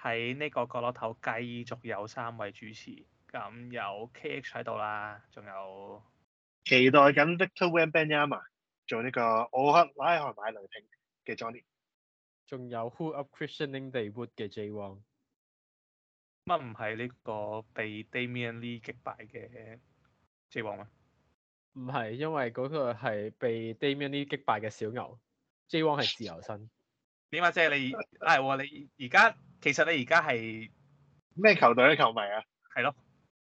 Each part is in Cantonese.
喺呢個角落頭繼續有三位主持，噉、嗯、有 KH 喺度喇，仲有期待緊 Victor Wembanyama 啱嘛？仲有呢個奧克拉荷馬雷霆嘅 Johnny，仲有 Who Up Christening Daywood 嘅 J 王。乜唔係呢個被 Damian Lee 擊敗嘅 J 王嘛？唔係，啊，因為嗰個係被 Damian Lee 擊敗嘅小牛。J 王係自由身，點解？即係你，你而家。其實你而家係咩球隊嘅球迷啊？係咯，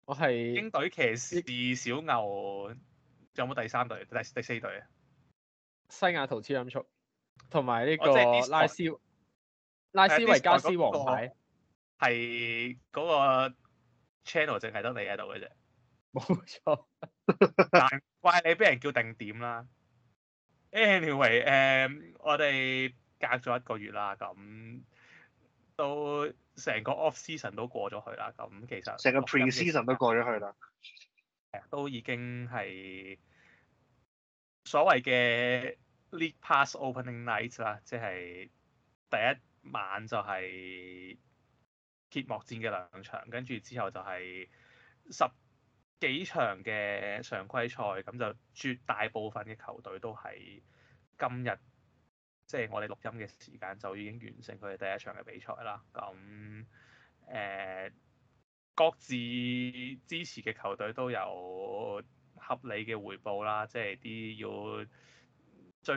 我係英隊、騎士、小牛，有冇第三隊、第第四隊啊？西雅圖超音速同埋呢個拉斯拉斯維加斯王、啊那個、牌係嗰個、那個、channel，淨係得你喺度嘅啫。冇沒錯， 難怪你俾人叫定點啦。anyway，誒、呃，我哋隔咗一個月啦，咁。都成個 off season 都過咗去啦，咁其實成個 pre season 都過咗去啦，都已經係所謂嘅 League Pass opening night 啦，即係第一晚就係揭幕戰嘅兩場，跟住之後就係十幾場嘅常規賽，咁就絕大部分嘅球隊都喺今日。即係我哋錄音嘅時間就已經完成佢哋第一場嘅比賽啦。咁誒、呃，各自支持嘅球隊都有合理嘅回報啦。即係啲要追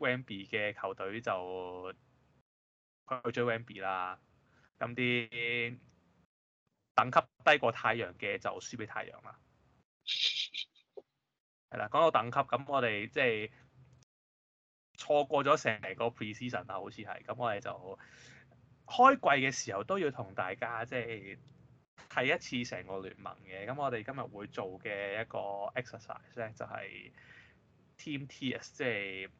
Wemby 嘅球隊就去追 Wemby 啦。咁啲等級低過太陽嘅就輸俾太陽啦。係啦，講到等級咁，我哋即係。錯過咗成個 preseason 啊，好似係咁，我哋就開季嘅時候都要同大家即係睇一次成個聯盟嘅。咁我哋今日會做嘅一個 exercise 咧，就係 team tiers 即係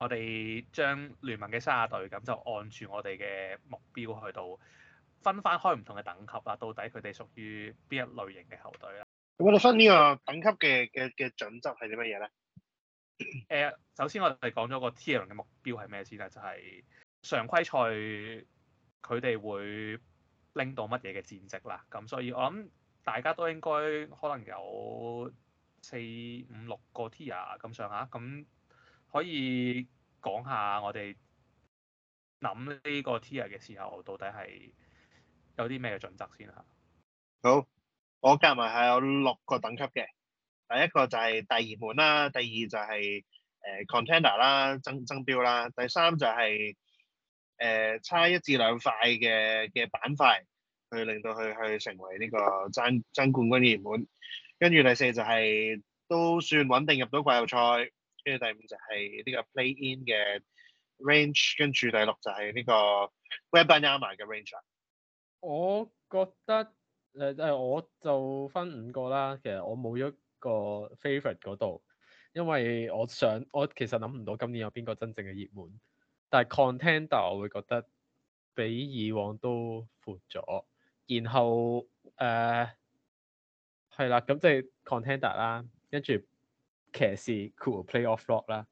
我哋將聯盟嘅卅隊，咁就按住我哋嘅目標去到分翻開唔同嘅等級啦。到底佢哋屬於邊一類型嘅球隊咧？咁我哋分呢個等級嘅嘅嘅準則係啲乜嘢咧？誒，首先我哋講咗個 tier 嘅目標係咩先啦，就係、是、常規賽佢哋會拎到乜嘢嘅戰績啦。咁所以我諗大家都應該可能有四五六個 tier 咁上下，咁可以講下我哋諗呢個 tier 嘅時候到底係有啲咩嘅準則先吓。好，我加埋係有六個等級嘅。第一個就係大熱門啦，第二就係誒 contender 啦，爭、呃、爭、er，標啦，第三就係、是、誒、呃、差一至兩塊嘅嘅板塊，去令到佢去成為呢個爭爭冠軍熱門。跟住第四就係、是、都算穩定入到季後賽。跟住第五就係呢個 play in 嘅 range。跟住第六就係呢個 Wembanyama 嘅 range 啊。我覺得誒誒，我就分五個啦。其實我冇咗。個 favorite 嗰度，因為我想我其實諗唔到今年有邊個真正嘅熱門，但係 contender 我會覺得比以往都闊咗。然後誒係、呃、啦，咁即係 contender 啦，跟住騎士 cool playoff lock 啦，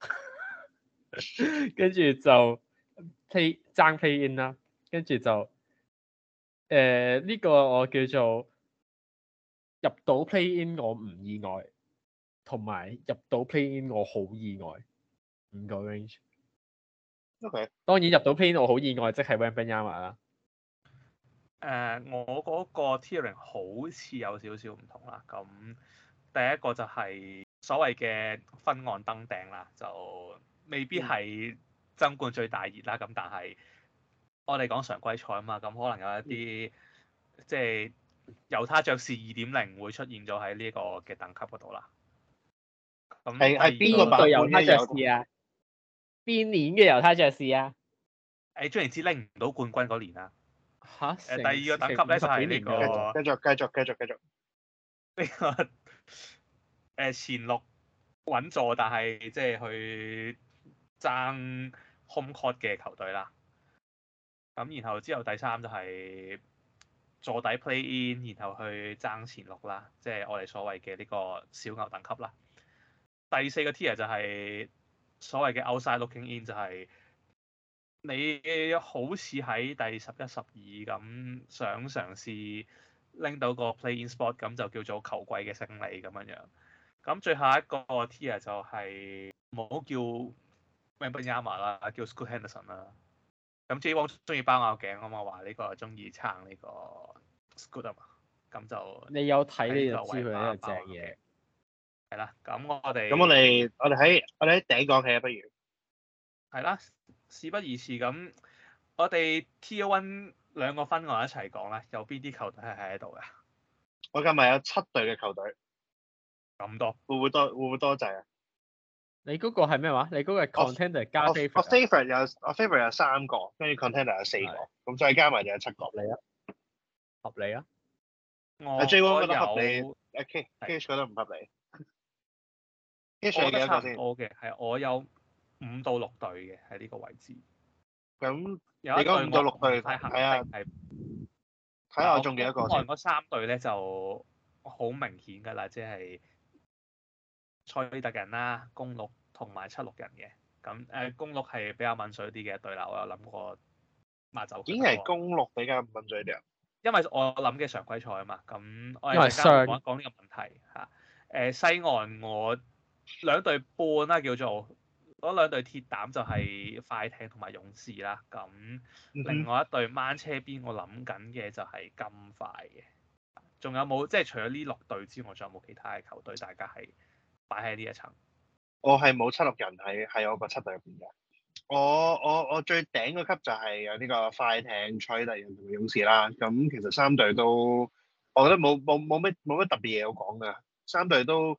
跟 住就 play 爭 play in 啦，跟住就誒呢、呃呢個我叫做入到 play in，我唔意外。同埋入到 play-in，我好意外五個 range。OK，當然入到 play-in 我好意外，即係 Wembanyama 啦。誒，uh, 我嗰個 tiering 好似有少少唔同啦。咁第一個就係所謂嘅昏岸登頂啦，就未必係爭冠最大熱啦。咁但係我哋講常規賽啊嘛，咁可能有一啲、mm. 即係猶他爵士二點零會出現咗喺呢個嘅等級嗰度啦。.係係邊個猶他爵士啊？邊年嘅猶他爵士啊？誒、哎，總之拎唔到冠軍嗰年啊？吓！誒，第二個等級咧就係呢、這個，繼續繼續繼續繼續呢、這個誒、呃、前六穩坐，但係即係去爭 home court 嘅球隊啦。咁然後之後第三就係坐底 play in，然後去爭前六啦，即係我哋所謂嘅呢個小牛等級啦。第四個 tier 就係所謂嘅 outside looking in，就係你好似喺第十一、十二咁想嘗試拎到個 play in spot，r 咁就叫做球季嘅勝利咁樣樣。咁最後一個 tier 就係冇叫 Wembanyama 啦，叫 Scoot Henderson 啦。咁 Jone 中意包咬頸啊嘛，話呢個中意撐呢個 Scoot 啊嘛。咁就你有睇你就知佢係一個正嘢。係啦，咁我哋，咁我哋，我哋喺，我哋喺頂講起，不如，係啦，事不宜遲咁，我哋 T1 兩個分案一齊講啦。有邊啲球隊係喺度噶？我今日有七隊嘅球隊，咁多，會唔會多？會唔會多滯啊？你嗰個係咩話？你嗰個 contender 加 favorite 我，我 favorite 有，我 favorite 有，有三個，跟住 contender 有四個，咁的再加埋就有七個，你呢？合理啊？我覺得有，A K K 覺得唔合理。我樣都差唔多嘅，係我有五到六隊嘅喺呢個位置。咁有五到六隊係肯定係睇下我仲幾多個先。嗰三隊咧就好明顯㗎啦，即係塞比特人啦、公鹿同埋七六人嘅。咁誒公鹿係比較敏水啲嘅一隊啦，我有諗過賣走佢。竟然係公鹿比較敏水啲？因為我諗嘅常規賽啊嘛，咁我係家講講呢個問題嚇，誒西岸我兩隊半啦叫做，嗰兩隊鐵膽就係快艇同埋勇士啦，咁另外一隊掹車邊我諗緊嘅就係金塊嘅，仲有冇即係除咗呢六隊之外，仲有冇其他嘅球隊？大家係擺喺呢一層？我係冇七六人喺喺我個七隊入邊嘅，我我我最頂個級就係有呢個快艇、取力勇士啦，咁其實三隊都我覺得冇冇冇咩冇咩特別嘢好講㗎，三隊都。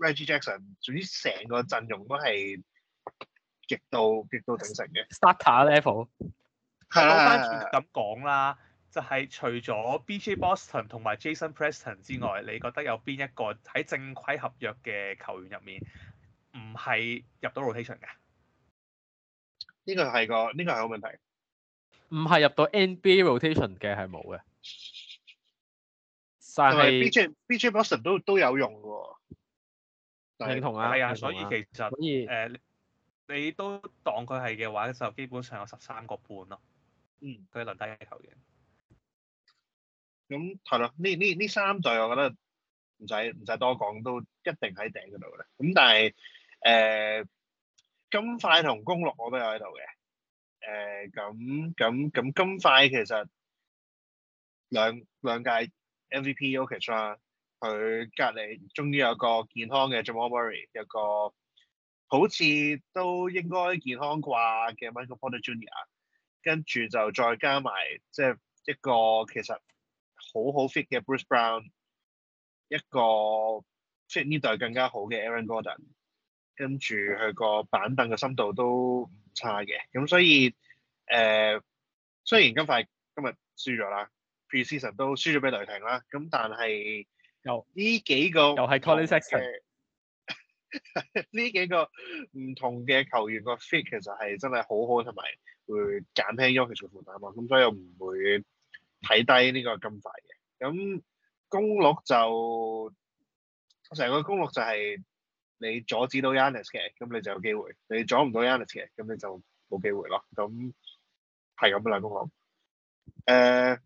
Reggie Jackson，總之成個陣容都係極度極度鼎盛嘅。Starter level。講翻轉頭咁講啦，就係、是、除咗 B.J. Boston 同埋 Jason Preston 之外，你覺得有邊一個喺正規合約嘅球員入面唔係入到 rotation 嘅？呢 個係個呢個係個問題。唔係入到 NBA rotation 嘅係冇嘅。但係 B.J. B.J. Boston 都有都有用喎。係同啊，係啊，所以其實，所以誒，你都當佢係嘅話，就基本上有十三個半咯。嗯，佢留低一球嘅。咁係咯，呢呢呢三隊我覺得唔使唔使多講，都一定喺頂嗰度嘅。咁但係誒，金塊同公鹿我都有喺度嘅。誒，咁咁咁金塊其實兩兩屆 MVP 都攤。佢隔籬終於有個健康嘅 Jamal Murray，有個好似都應該健康啩嘅 Michael Porter Jr.，跟住就再加埋即係一個其實好好 fit 嘅 Bruce Brown，一個 fit 呢代更加好嘅 Aaron Gordon，跟住佢個板凳嘅深度都唔差嘅，咁、嗯、所以誒、呃，雖然今塊今日輸咗啦，preseason 都輸咗俾雷霆啦，咁但係。又呢就幾個，又係 Colin Jackson 呢幾個唔同嘅球員個 fit 其實係真係好好，同埋會減輕咗佢哋嘅負擔啊！咁所以唔會睇低呢個金塊嘅。咁公鹿就成個公鹿就係你阻止到 Yanis 嘅，咁你就有機會；你阻唔到 Yanis 嘅，咁你就冇機會咯。咁係咁啦，公鹿。誒、uh,。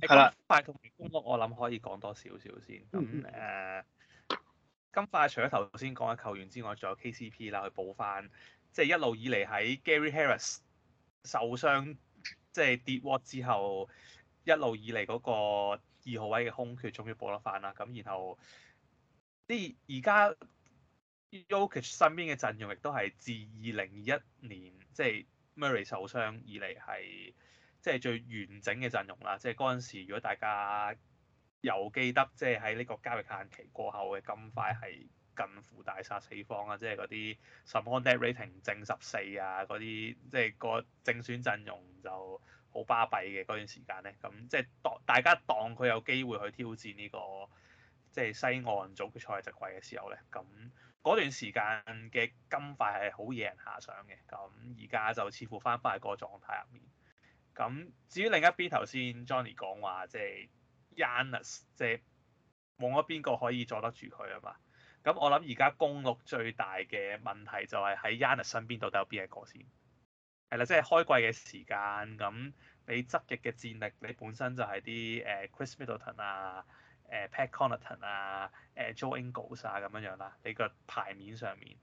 係啦，金塊同公屋我諗可以講多少少先。咁誒、呃，金塊除咗頭先講嘅球員之外，仲有 KCP 啦，去補翻，即係一路以嚟喺 Gary Harris 受傷，即係跌 w 之後，一路以嚟嗰個二號位嘅空缺，終於補得翻啦。咁然後啲而家 Yokich 身邊嘅陣容，亦都係自二零二一年即係 Murray 受傷以嚟係，即係最完整嘅陣容啦，即係嗰陣時，如果大家又記得，即係喺呢個交易限期過後嘅金塊係近乎大殺四方啊！即係嗰啲 net rating 正十四啊，嗰啲即係個正選陣容就好巴閉嘅嗰段時間咧，咁即係當大家當佢有機會去挑戰呢個即係西岸組嘅賽席位嘅時候咧，咁嗰段時間嘅金塊係好惹人遐想嘅，咁而家就似乎翻返嚟個狀態入面。咁至於另一邊頭先 Johnny 講話，即係 Yannis，即係冇咗邊個可以阻得住佢啊嘛。咁我諗而家公鹿最大嘅問題就係喺 Yannis 身邊到底有邊一個先？係啦，即係開季嘅時間，咁你側翼嘅戰力，你本身就係啲誒 Chris Middleton 啊、誒、啊、Pat Connaughton 啊、誒 Joe Ingles 啊咁樣啦。你個牌面上面，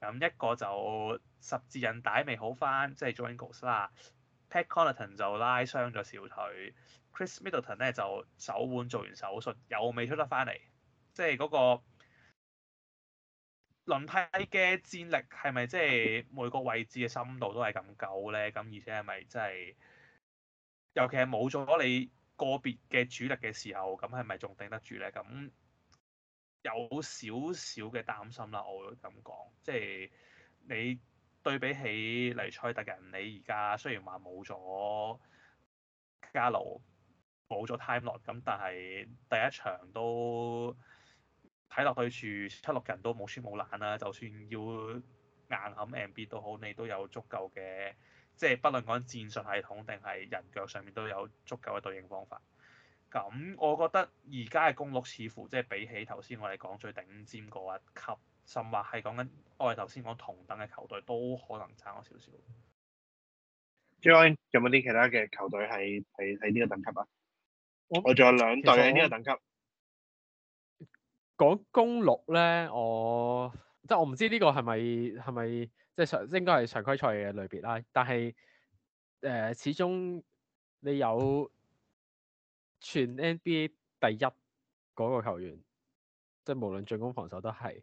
咁一個就十字韌帶未好翻，即係 Joe Ingles 啊。Pat Connaughton 就拉傷咗小腿，Chris Middleton 咧就手腕做完手術又未出得翻嚟，即係嗰個輪替嘅戰力係咪即係每個位置嘅深度都係咁夠咧？咁而且係咪即係尤其係冇咗你個別嘅主力嘅時候，咁係咪仲頂得住咧？咁有少少嘅擔心啦，我會咁講，即係你。對比起例如賽特人，你而家雖然話冇咗加奴，冇咗 time 落咁，ots，但係第一場都睇落對住七六人都冇輸冇攔啦。就算要硬砍 MB 都好，你都有足夠嘅，即係不論講戰術系統定係人腳上面都有足夠嘅對應方法。咁我覺得而家嘅公鹿似乎即係比起頭先我哋講最頂尖嗰一級。甚至係講緊，我哋頭先講同等嘅球隊都可能差咗少少。Joey，有冇啲其他嘅球隊係係係呢個等級啊？我仲有兩隊喺呢個等級。講公鹿咧，我即係、就是、我唔知呢個係咪係咪即係常應該係常規賽嘅類別啦。但係誒、呃，始終你有全 NBA 第一嗰個球員，即、就、係、是、無論進攻防守都係。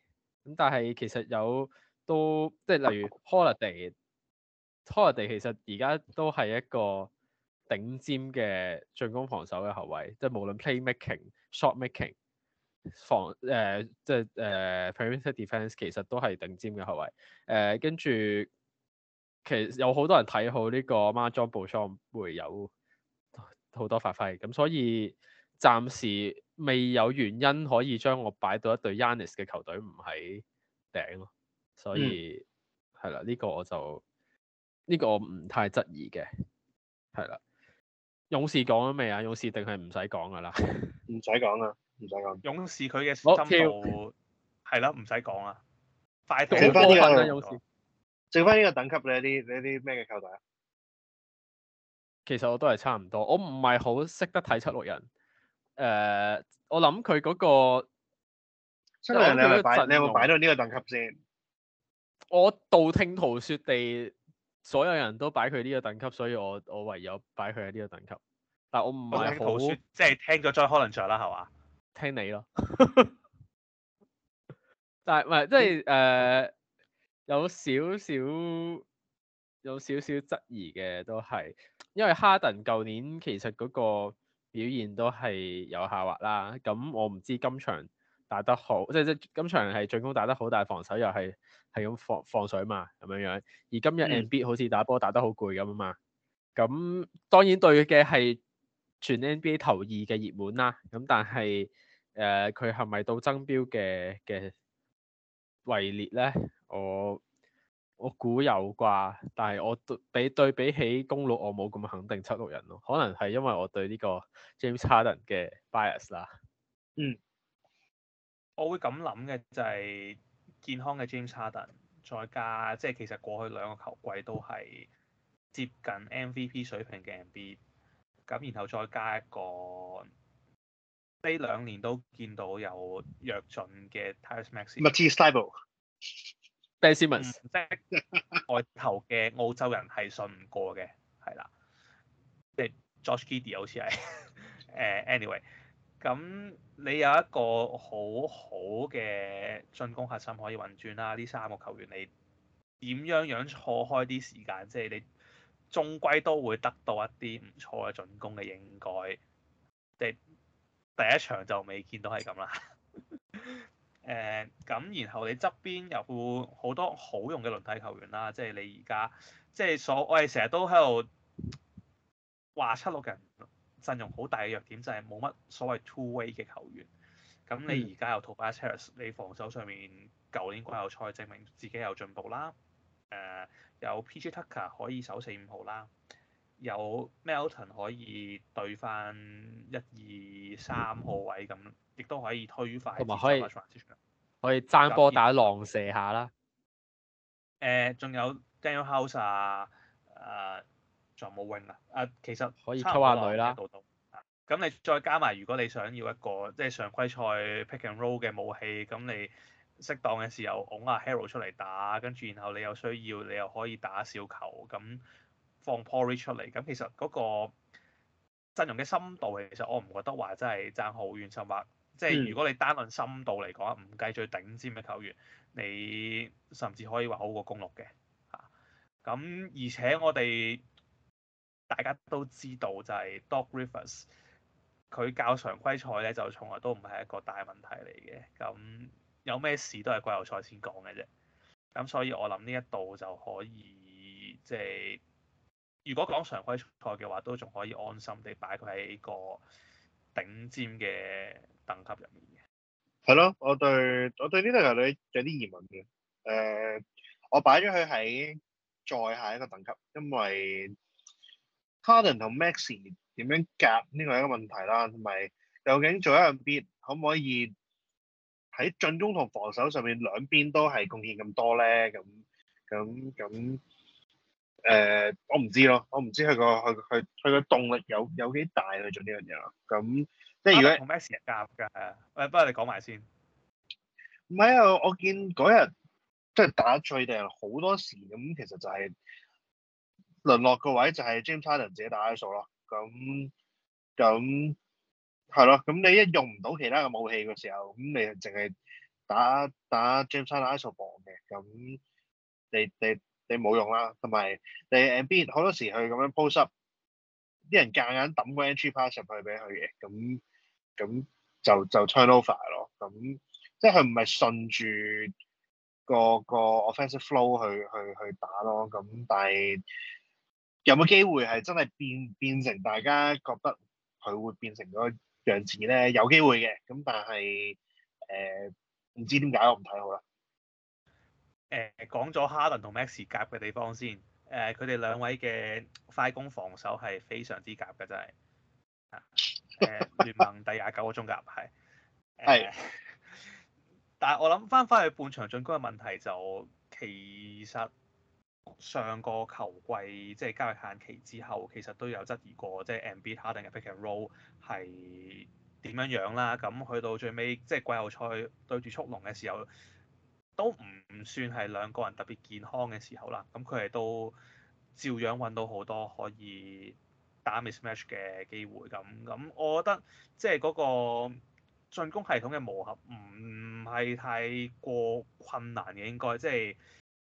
咁但係其實有都即係、就是、例如 Holiday，Holiday 其實而家都係一個頂尖嘅進攻防守嘅後衞，即、就、係、是、無論 Playmaking、Shotmaking、防誒即係誒 Perimeter Defence 其實都係頂尖嘅後衞。誒跟住其實有好多人睇好呢個 Jumpshot 會有好多發揮。咁所以暫時，未有原因可以將我擺到一隊 Yanis 嘅球隊唔喺頂咯，所以係啦，呢、嗯呢個我就呢、呢個唔太質疑嘅，係啦。勇士講咗未啊？勇士定係唔使講噶啦？唔使講啦，唔使講。勇士佢嘅深度係啦，唔使講啦。快隊剩翻呢個勇士，剩翻呢個等級你啲啲咩嘅球隊啊？其實我都係差唔多，我唔係好識得睇七六人。誒，uh, 我諗佢嗰個，所有人、呃、你盲你有冇擺到呢個等級先？我道聽途説地，所有人都擺佢呢個等級，所以我我唯有擺佢喺呢個等級。但係我唔係好，即係聽咗 John Hollinger 啦，係、就、嘛、是？聽你咯 但。但係唔係即係誒，uh, 有少少有少少質疑嘅都係，因為哈登舊年其實嗰、那個。表現都係有下滑啦，咁我唔知今場打得好，即係即係今場係進攻打得好，但係防守又係係咁放放水嘛，咁樣樣。而今日 NBA 好似打波打得好攰咁啊嘛，咁當然對嘅係全 NBA 頭二嘅熱門啦，咁但係誒佢係咪到爭標嘅嘅位列咧？我？我估有啩，但係我對比對，對比起公鹿我冇咁肯定七六人咯。可能係因為我對呢個 James Harden 嘅 bias 啦。嗯，我會咁諗嘅就係健康嘅 James Harden，再加即係其實過去兩個球季都係接近 MVP 水平嘅 Embiid，咁然後再加一個呢兩年都見到有躍進嘅 Tyrese Maxey。即係外頭嘅澳洲人係信唔過嘅，係啦。即係 Josh Giddey 好似係誒，anyway。咁你有一個好好嘅進攻核心可以運轉啦。呢三個球員你點樣樣錯開啲時間，即係你終歸都會得到一啲唔錯嘅進攻嘅應該。即係第一場就未見到係咁啦。 誒咁，呃，然後你側邊有好多好用嘅輪替球員啦，即係你而家即係所我哋成日都喺度話七六人陣容好大嘅弱點就係冇乜所謂 two way 嘅球員。咁你而家有 Tobias Harris，嗯、 你防守上面舊年季後賽證明自己有進步啦。誒，呃，有 P.J. Tucker 可以守四五號啦。有 Melton 可以對翻一二三號位咁，亦都可以推快。同埋可，可以爭波打狼射下啦。誒，仲有 Daniel House 啊，誒、啊，仲有冇 wing 啊？其實可以抽下女啦。咁你再加埋，如果你想要一個即係常規賽 pick and roll 嘅武器，咁你適當嘅時候拱下 Harrell 出嚟打，跟住然後你有需要，你又可以打小球咁。放 Pori 出嚟咁，其實嗰個陣容嘅深度其實我唔覺得話真係爭好遠，甚或即係如果你單論深度嚟講，唔計最頂尖嘅球員，你甚至可以話好過公鹿嘅嚇。咁而且我哋大家都知道就係 Doc Rivers，佢教常規賽咧就從來都唔係一個大問題嚟嘅。咁有咩事都係季後賽先講嘅啫。咁所以我諗呢一度就可以即係。就是如果講常規賽嘅話，都仲可以安心地擺佢喺呢個頂尖嘅等級入面嘅。係咯，我對我對呢對女有啲疑問嘅。誒、呃，我擺咗佢喺在下一個等級，因為 Harden 同 Maxey 點樣夾呢個係一個問題啦。同埋究竟 Joel Embiid 可唔可以喺進攻同防守上面兩邊都係貢獻咁多咧？咁咁咁。誒、呃，我唔知咯，我唔知佢個佢佢佢個動力有有幾大去做呢樣嘢咯。咁、嗯、即係、啊、如果同 Max 夾㗎，誒，不如你講埋先。唔係啊，我見嗰日即係打最定好多時咁、嗯，其實就係輪落個位就係 James Harden 自己打 ISO 咯。咁咁係咯，咁、嗯嗯、你一用唔到其他嘅武器嘅時候，咁、嗯、你淨係打打 James Harden ISO ball 嘅，咁、嗯、你你。你你你冇用啦，同埋你，Wemby 好多時佢咁樣 post up，啲人夾硬抌個 entry pass 入去俾佢嘅，咁咁就就 turnover 咯，咁即係佢唔係順住、嗰個、嗰個 offensive flow 去去去打咯，咁但係有冇機會係真係變變成大家覺得佢會變成嗰樣子咧？有機會嘅，咁但係誒唔知點解我唔睇好啦。誒講咗哈倫同 Max 夾嘅地方先，誒佢哋兩位嘅快攻防守係非常之夾嘅真係，誒、呃、聯盟第廿九個中夾係，係，呃、 但係我諗翻返去半場進攻嘅問題就其實上個球季即係、就是、交易限期之後，其實都有質疑過即係、就是、MB Harden 嘅 Pick and Roll 係點樣樣啦，咁去到最尾即係季後賽對住速龍嘅時候。都唔算係兩個人特別健康嘅時候啦，咁佢哋都照樣揾到好多可以打 mismatch 嘅機會咁，咁我覺得即係嗰個進攻系統嘅磨合唔係太過困難嘅，應該即係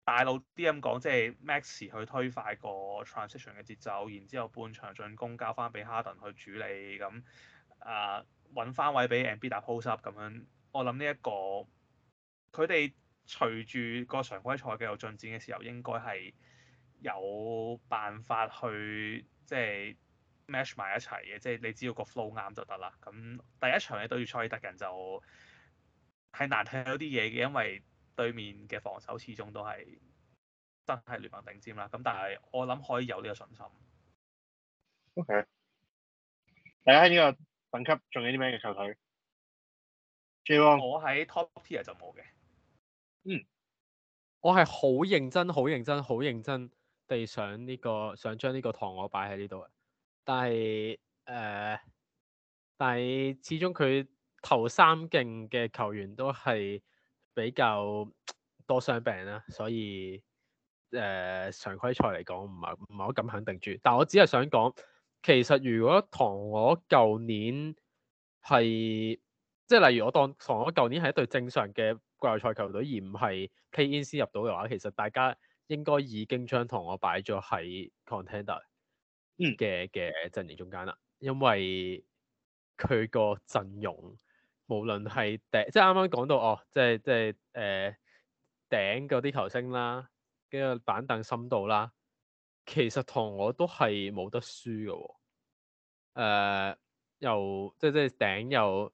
大腦啲咁講，即係 Max 去推快個 transition 嘅節奏，然之後半場進攻交翻俾 Harden 去處理咁，啊揾翻位俾 Embiid 打 post up 咁樣，我諗呢一個佢哋。隨住個常規賽繼續進展嘅時候，應該係有辦法去即係 match 埋一齊嘅，即係你只要個 flow 啱就得啦。咁第一場你對住賽爾特人就係難聽到啲嘢嘅，因為對面嘅防守始終都係真係聯盟頂尖啦。咁但係我諗可以有呢個信心。O K。大家喺呢個等級仲有啲咩嘅球隊？J o 我喺 Top Tier 就冇嘅。嗯，我係好認真、好認真、好認真地想呢、這個，想將呢個塘鵝擺喺呢度嘅。但係，誒、呃，但係始終佢頭三勁嘅球員都係比較多傷病啦，所以誒、呃、常規賽嚟講唔係唔係好敢肯定住。但係我只係想講，其實如果塘鵝舊年係，即、就、係、是、例如我當塘鵝舊年係一隊正常嘅，外賽球隊而唔係 play-in 入到嘅話，其實大家應該已經將同我擺咗喺 contender 嘅嘅陣營中間啦，嗯、因為佢個陣容無論係頂，即係啱啱講到哦，即係即係誒頂嗰啲球星啦，跟住板凳深度啦，其實同我都係冇得輸嘅喎、哦呃，又即係即係頂又。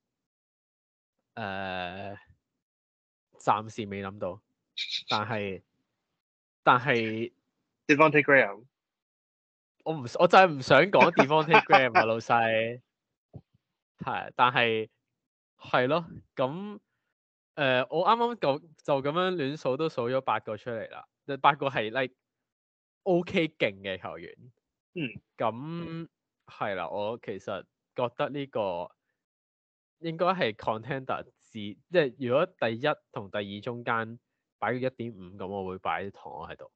誒，暫、uh, 時未諗到，但係但係，Devonte Graham，我唔我就係唔想講 Devonte Graham 啊， 老細，係但係係咯，咁誒、呃，我啱啱講就咁樣亂數都數咗八個出嚟啦，八個係 like OK 勁嘅球員，嗯，咁係啦，我其實覺得呢、這個。應該係 contender，自即係如果第一同第二中間擺個一點五咁，我會擺塘鵝喺度。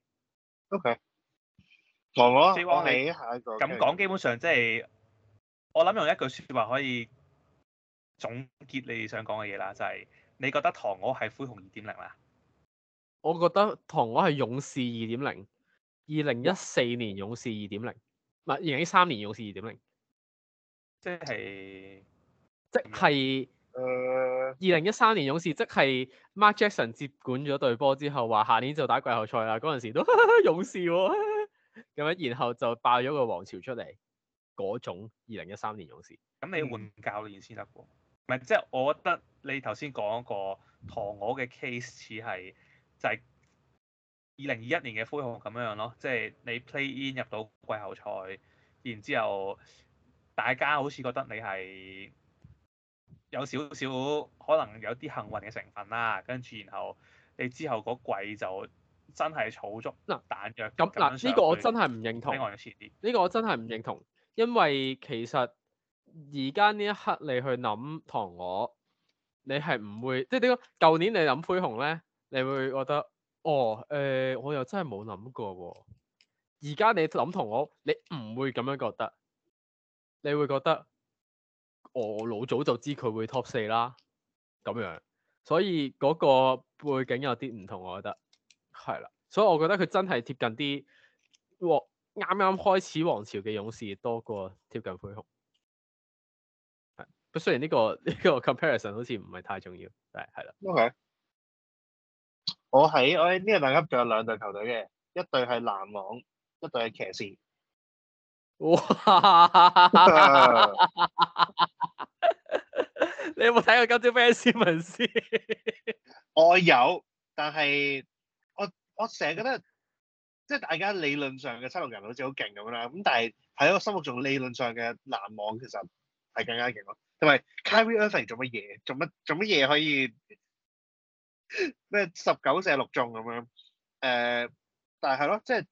O K，塘鵝。J One，你係咁講，okay. 基本上即係我諗用一句説話可以總結你想講嘅嘢啦，就係你覺得塘鵝係灰熊二點零啦？我覺得塘鵝係勇士二點零，二零一四年勇士二點零，唔係二零一三年勇士二點零，即係。即係，二零一三年勇士即係 Mark Jackson 接管咗隊波之後，話下年就打季後賽啦。嗰陣時都 勇士咁、哦、樣， 然後就爆咗個王朝出嚟，嗰種二零一三年勇士。咁你換教練先得喎。唔係、嗯，即係我覺得你頭先講過陀我嘅 case 似係就係二零二一年嘅灰熊咁樣咯，即係你 play in 入到季後賽，然之後大家好似覺得你係。有少少可能有啲幸運嘅成分啦，跟住然後你之後嗰季就真係儲足彈藥咁。嗱呢、啊、若個我真係唔認同。呢個我真係唔認同，因為其實而家呢一刻你去諗同我，你係唔會即係點講？舊年你諗灰熊咧，你會覺得哦誒、呃，我又真係冇諗過喎。而家你諗同我，你唔會咁樣覺得，你會覺得。我老早就知佢會 top 四啦，咁樣，所以嗰個背景有啲唔同，我覺得係啦，所以我覺得佢真係貼近啲啱啱開始王朝嘅勇士多過貼近灰熊，係。不過雖然呢個呢個 comparison 好似唔係太重要，但係係啦。OK，我喺我喺呢個等級仲有兩隊球隊嘅，一隊係籃網，一隊係騎士。哇！ 你有冇睇過今朝咩新聞先？ 我有，但係我我成日覺得即係、就是、大家理論上嘅七六人好似好勁咁啦，咁但係喺我心目中理論上嘅籃網其實係更加勁咯。同埋 Kyrie Irving 做乜嘢？做乜做乜嘢可以咩十九射六中咁樣？誒、呃，但係咯，即係。就是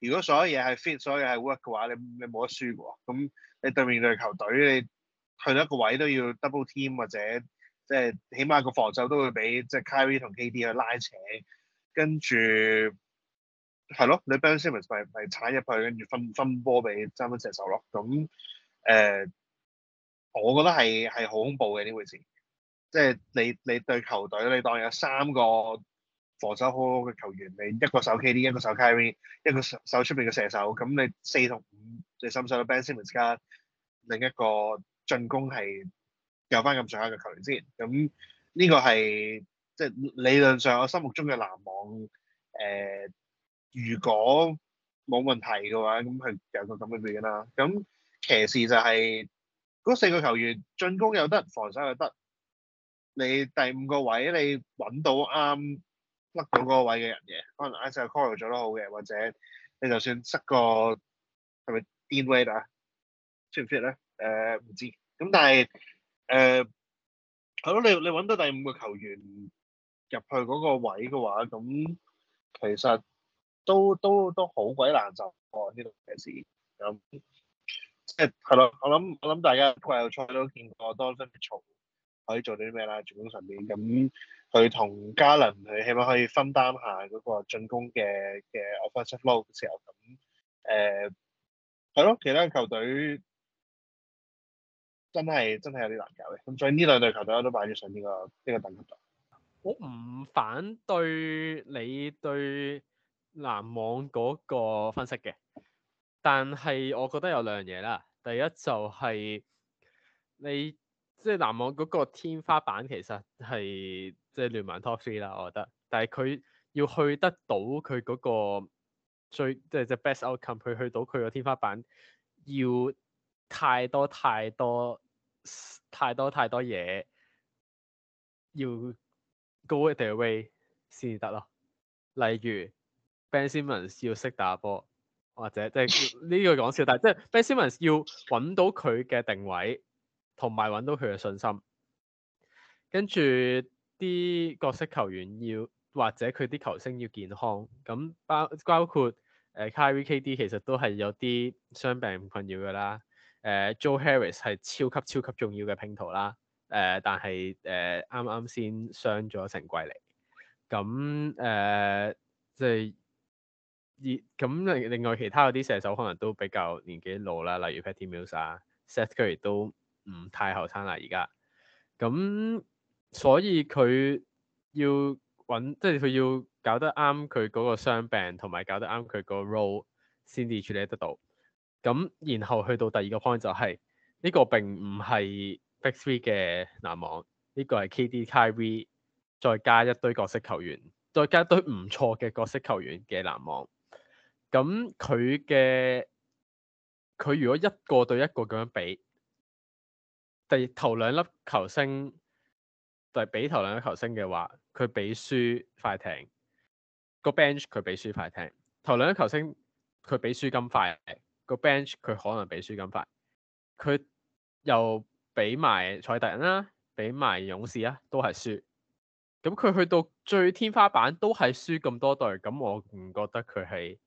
如果所有嘢係 fit，所有嘢係 work 嘅話，你你冇得輸嘅喎。咁你對面對球隊，你去到一個位都要 double team 或者即係起碼個防守都會俾即係、就是、Kyrie 同 KD 去拉扯，跟住係咯，你 Ben Simmons 咪、就、咪、是就是、踩入去跟住分分波俾三分射手咯。咁誒、呃，我覺得係係好恐怖嘅呢回事。即、就、係、是、你你對球隊，你當有三個。防守好好嘅球員，你一個手 KD 一個手 Kyrie 一個手出面嘅射手，咁你四同五，你使唔使到 Ben Simmons 卡？另一個進攻係有翻咁上下嘅球員先。咁呢、這個係即係理論上我心目中嘅籃網。誒、呃，如果冇問題嘅話，咁佢有個咁嘅變因啦。咁騎士就係、是、嗰四個球員進攻又得，防守又得。你第五個位你揾到啱。甩到嗰個位嘅人嘅，可能 Isaac Okoro 做得好嘅，或者你就算塞個係咪 Dean Wade 啊，fit 唔 fit 咧？誒唔知，知呢。咁、呃、但係誒係咯，你你揾到第五個球員入去嗰個位嘅話，咁其實都都都好鬼難就過呢度嘅事。咁即係係咯，我諗我諗大家季後賽都見過多分別嘈，可以做啲咩啦，進攻上面咁。佢同嘉倫，佢起碼可以分擔下嗰個進攻嘅嘅 offensive flow 嘅時候，咁誒係咯，其他球隊真係真係有啲難搞嘅。咁所以呢兩隊球隊我都擺咗上呢、呢個呢、呢個等級。我唔反對你對籃網嗰個分析嘅，但係我覺得有兩樣嘢啦。第一就係你即係籃網嗰個天花板其實係。即係聯盟 top three 啦，我覺得。但係佢要去得到佢嗰個最即係 the best outcome，佢去到佢個天花板要太多太多太多太多嘢要 go the way 先得咯。例如 Ben Simmons 要識打波，或者即係呢 個講笑，但係即係 Ben Simmons 要揾到佢嘅定位同埋揾到佢嘅信心，跟住。啲角色球員要或者佢啲球星要健康，咁包包括誒、呃、Kyrie KD 其實都係有啲傷病困擾嘅啦。誒、呃、Joe Harris 係超級超級重要嘅拼圖啦。誒、呃、但係誒啱啱先傷咗成季嚟，咁誒即係而咁另另外其他嗰啲射手可能都比較年紀老啦，例如 Patty Mills 啊、Seth Curry 都唔太後生啦而家，咁。所以佢要揾，即係佢要搞得啱佢嗰個傷病，同埋搞得啱佢個 role 先至處理得到。咁然後去到第二個 point 就係呢個並唔係 Big Three 嘅籃網，呢個係 K D Kyrie 再加一堆角色球員，再加一堆唔錯嘅角色球員嘅籃網。咁佢嘅佢如果一個對一個咁樣比，第頭兩粒球星。就係俾頭兩名球星嘅話，佢俾輸快艇、個 bench 佢俾輸快艇，頭兩名球星佢俾輸金塊，個 bench 佢可能俾輸金塊，佢又俾埋賽特人啦，啊，俾埋勇士啊，都係輸。咁佢去到最天花板都係輸咁多隊，咁我唔覺得佢係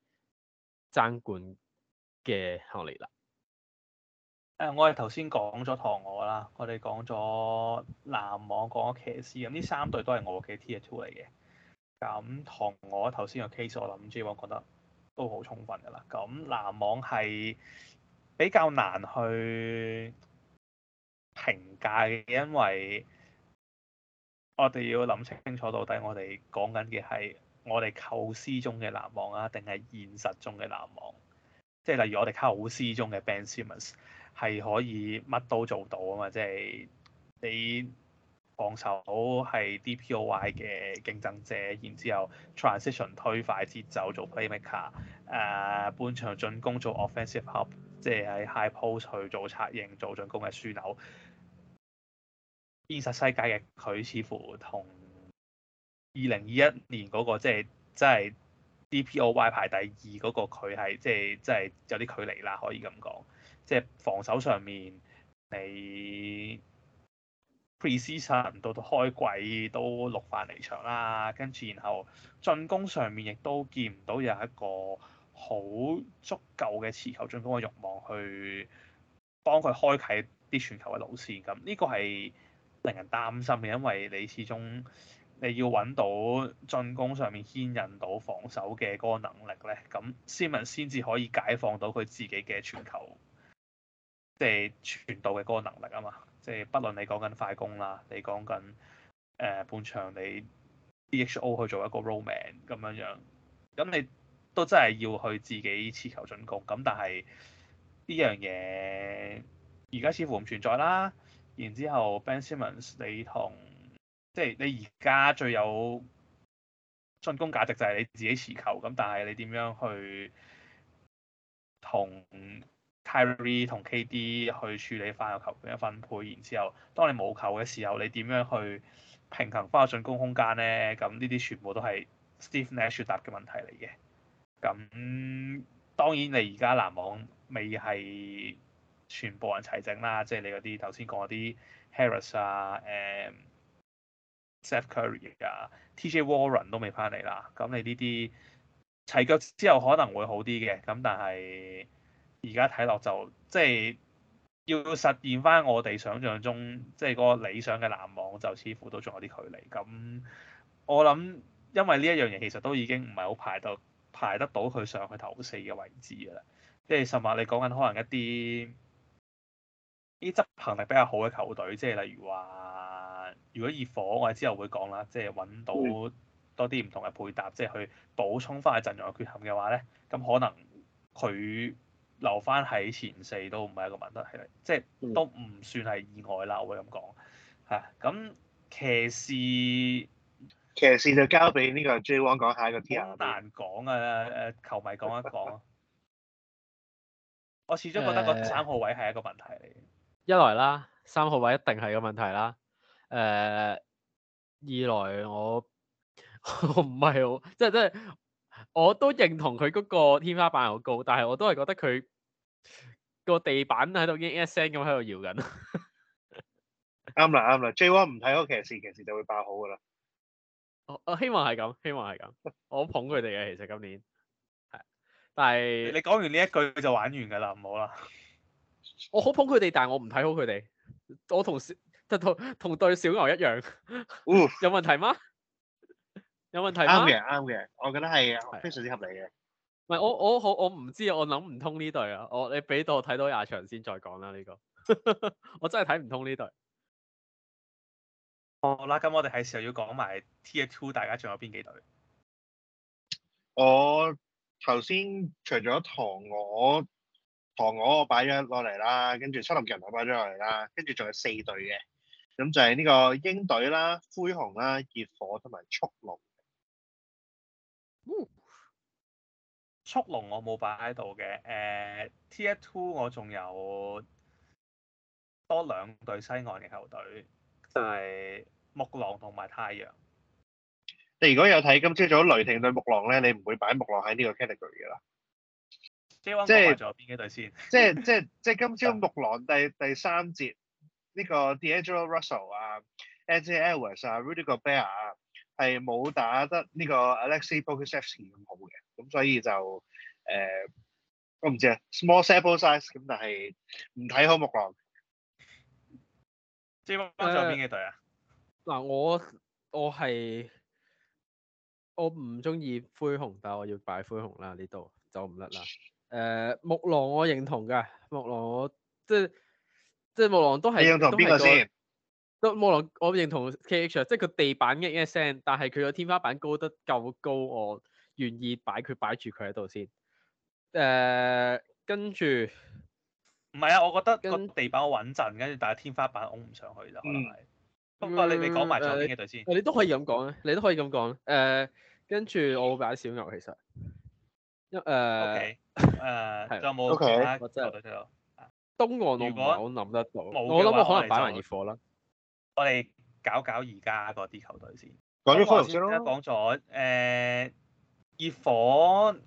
爭冠嘅行列啦。誒，我哋頭先講咗塘鵝啦，我哋講咗籃網，講咗騎士，咁呢三隊都係我嘅 Tier 2嚟嘅。咁塘鵝頭先個 case 我諗住我覺得都好充分嘅啦。咁籃網係比較難去評價嘅，因為我哋要諗清楚到底我哋講緊嘅係我哋構思中嘅籃網啊，定係現實中嘅籃網？即係例如我哋構思中嘅 Ben Simmons。係可以乜都做到啊嘛！即、就、係、是、你防守係 DPOY 嘅競爭者，然之後 transition 推快節奏做 playmaker，誒、呃、半場進攻做 offensive hub，即係喺 high post 去做策應做進攻嘅樞紐。現實世界嘅佢似乎同二零二一年嗰、那個即係、就、即、是、係、就是就是、DPOY 排第二嗰個佢係即係即係有啲距離啦，可以咁講。即係防守上面，你 preseason 到到開季都六犯離場啦。跟住然後進攻上面亦都見唔到有一個好足夠嘅持球進攻嘅慾望去幫佢開啟啲傳球嘅路線，咁呢個係令人擔心嘅，因為你始終你要揾到進攻上面牽引到防守嘅嗰個能力咧，咁斯文先至可以解放到佢自己嘅傳球。即係傳導嘅嗰個能力啊嘛，即係不論你講緊快攻啦，你講緊誒、呃、半場你 DHO 去做一個 rollman 咁樣樣，咁你都真係要去自己持球進攻，咁但係呢樣嘢而家似乎唔存在啦。然之後 Ben Simmons 你同即係你而家最有進攻價值就係你自己持球，咁但係你點樣去同 Kyrie 同 KD 去處理翻個球員嘅分配，然之後，當你冇球嘅時候，你點樣去平衡翻個進攻空間咧？咁呢啲全部都係 Steve Nash 答嘅問題嚟嘅。咁當然你而家籃網未係全部人齊整啦，即係你嗰啲頭先講嗰啲 Harris 啊、誒、呃、Seth Curry 啊、TJ Warren 都未翻嚟啦。咁你呢啲齊腳之後可能會好啲嘅，咁但係。而家睇落就即係、就是、要實現翻我哋想象中即係嗰個理想嘅籃網，就似乎都仲有啲距離。咁我諗，因為呢一樣嘢其實都已經唔係好排到排得到佢上去頭四嘅位置嘅啦。即係甚至你講緊可能一啲，呢啲執行力比較好嘅球隊，即係例如話，如果熱火我哋之後會講啦，即係揾到多啲唔同嘅配搭，的即係去補充翻嘅陣容嘅缺陷嘅話咧，咁可能佢。留翻喺前四都唔係一個問題嚟，即係都唔算係意外啦，我會咁講吓。咁、啊、騎士，騎士就交俾呢個 Jone 講下個點啊。好難講啊！誒，球迷講一講。 我始終覺得個三號位係一個問題嚟。一來啦，三號位一定係個問題啦。誒、呃，二來我唔係好，即係即係我都認同佢嗰個天花板好高，但係我都係覺得佢。個地板喺度應 s 聲咁喺度搖緊，啱啦啱啦，J One 唔睇嗰騎士，騎士就會爆好噶啦。我希望係咁，希望係咁，我捧佢哋嘅， 其實今年係，但係你講完呢一句就玩完噶啦，唔好啦。我好捧佢哋，但係我唔睇好佢哋。我同同同對小牛一樣， 有問題嗎？有問題？啱嘅，啱嘅，我覺得係非常之合理嘅。唔係，我我好我唔知啊，我諗唔通呢隊啊，我你俾到我睇到廿場先再講啦呢個，我，我，我，這個、 我真係睇唔通呢隊。好啦，咁我哋喺時候要講埋 tier two，大家仲有邊幾隊？我頭先除咗唐鵝，唐鵝我擺咗落嚟啦，跟住森林人我擺咗落嚟啦，跟住仲有四隊嘅，咁就係呢個鷹隊啦、灰熊啦、熱火同埋速龍。速龍我冇擺喺度嘅，誒 Tier 2我仲有多兩隊西岸嘅球隊，就係木狼同埋太陽。你如果有睇今朝早雷霆對木狼咧，你唔會擺木狼喺呢個 category 嘅啦。即係仲有邊幾隊先？即係即係即係今朝木狼第第三節呢個 D'Angelo Russell 啊 Edwards 啊，Rudy Gobert 啊，係冇打得呢個 Aleksej Pokusevski 咁好嘅。咁所以就誒、呃，我唔知啊。Small sample size 咁，但係唔睇好木狼。即係仲有邊幾隊啊？嗱、呃，我我係我唔中意灰熊，但係我要擺灰熊啦。呢度就唔甩啦。誒、呃，木狼我認同噶，木狼我即係即係木狼都係。認同邊個先？都木狼，我認同 K H，即係佢地板嘅 g n 但係佢個天花板高得夠高我。願意擺佢擺住佢喺度先，誒、呃、跟住唔係啊！我覺得個地板好穩陣，跟住但係天花板拱唔上去就係。可能嗯、不過你你講埋咗邊嘅隊先？呃、你都可以咁講咧，你都可以咁講誒。跟住我會擺小牛，其實一誒就冇其他 Okay, 我、就係。東岸我唔諗得到，我諗可能擺埋熱火啦。我哋搞搞而家嗰啲球隊先。隊先先講咗誒。呃熱火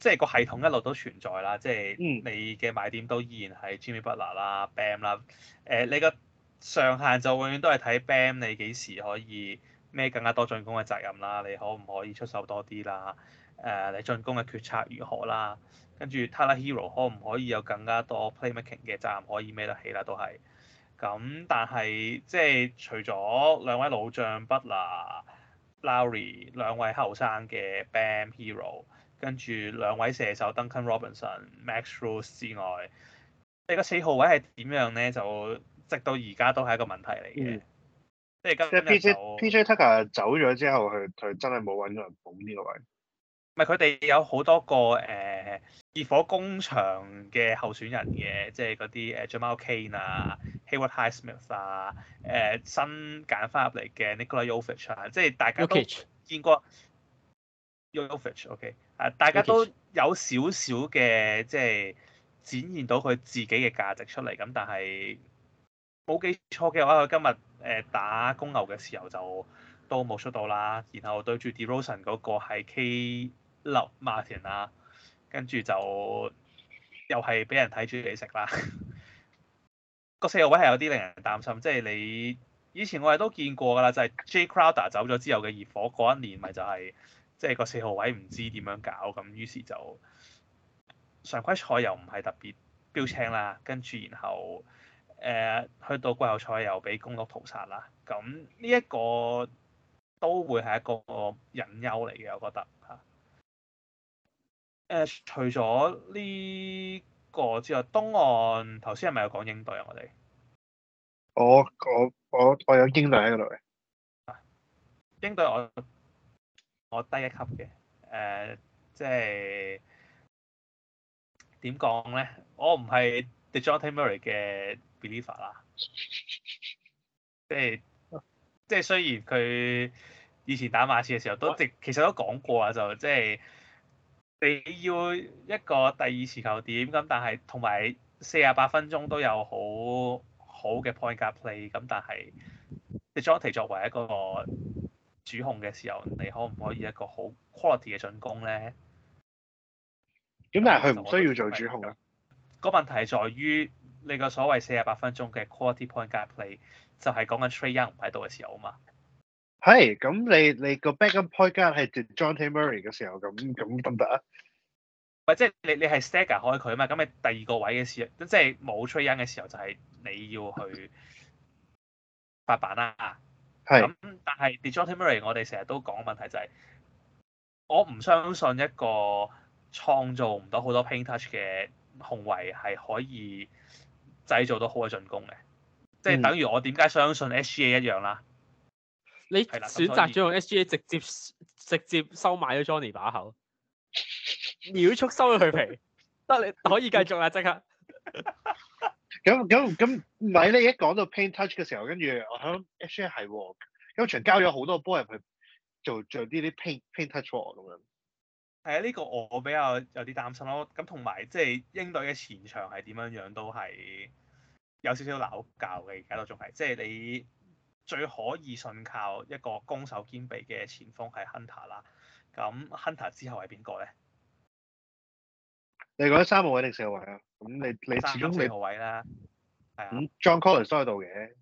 即係個系統一路都存在啦，即係你嘅賣點都依然係 Jimmy Butler 啦、啊、Bam 啦，誒你個上限就永遠都係睇 Bam 你幾時可以孭更加多進攻嘅責任啦，你可唔可以出手多啲啦？誒、啊、你進攻嘅決策如何啦？跟住 Tyler Herro 可唔可以有更加多 playmaking 嘅責任可以孭得起啦？都係，咁但係即係除咗兩位老將不啦。Butler, Lowry 兩位後生嘅 Bam、Herro，跟住兩位射手 Duncan Robinson、Max Strus 之外，你個四號位係點樣咧？就直到而家都係一個問題嚟嘅。即係 P.J. P.J. Tucker 走咗之後，佢佢真係冇揾到人補呢個位。唔係佢哋有好多個誒熱、呃、火工場嘅候選人嘅，即係嗰啲誒 Jamal Cain 啊、Haywood Highsmith 啊、誒、呃、新揀翻入嚟嘅 Nikola Jović 啊，即係大家都見過 Jović OK 啊，大家都有少少嘅即係展現到佢自己嘅價值出嚟咁，但係冇記錯嘅話，佢今日誒、呃、打公牛嘅時候就都冇出到啦。然後對住 DeRozan 嗰個係 K。立馬田啊，跟住就又係俾人睇住你食啦。個 四號位係有啲令人擔心，即、就、係、是、你以前我哋都見過㗎啦，就係、是、Jay Crowder 走咗之後嘅熱火嗰一年、就是，咪就係即係個四號位唔知點樣搞咁，於是就常規賽又唔係特別標青啦。跟住然後誒、呃、去到季後賽又俾公鹿屠殺啦。咁呢一個都會係一個隱憂嚟嘅，我覺得。誒、呃，除咗呢個之外，東岸頭先係咪有講鷹隊啊？我哋，我我我我有鷹隊喺嗰度嘅。鷹隊我我低一級嘅，誒、呃，即係點講咧？我唔係 Dejounte Murray 嘅 believer 啦。 即係即係雖然佢以前打馬刺嘅時候都直，其實都講過啊，就即係。你要一個第二持球點，咁但係同埋四十八分鐘都有好好嘅 point guard play，咁但係你 Dejounte 作為一個主控嘅時候，你可唔可以一個好 quality 嘅進攻咧？點解佢唔需要做主控啊！個問題在於你個所謂四十八分鐘嘅 quality point guard play，就係講緊 Trae Young 唔喺度嘅時候嘛。係，咁、hey, 你你個 backup point guard 係 Dejounte Murray 嘅時候，咁咁得唔得啊？唔係，即係你你係 stagger 開佢啊嘛，咁你第二個位嘅時候，即係冇 Trae Young 嘅時候，就係你要去發版啦。係， 咁 但係 Dejounte Murray，我哋成日都講問題就係、是，我唔相信一個創造唔到好多 paint touch 嘅控衛係可以製造到好嘅進攻嘅，即係 等於我點解相信 SGA 一樣啦。你選擇咗用 SGA 直接直接收買咗 Johnny 把口，秒速收咗佢皮，得你 可以繼續啊！即刻咁咁咁唔係你一講到 paint touch 嘅時候，跟住我諗 SGA 係喎，咁全交咗好多波入去做做啲啲 paint touch 咁樣。係啊，呢個我比較有啲擔心咯。咁同埋即係英隊嘅前場係點樣樣都係有少少鬧交嘅，而家都仲係即係你。最可以信靠一個攻守兼備嘅前鋒係 Hunter 啦，咁 Hunter 之後係邊個咧？你講三號位定四號位啊？咁你你始終你三號四號位啦，係啊。咁 John Collins 都喺度嘅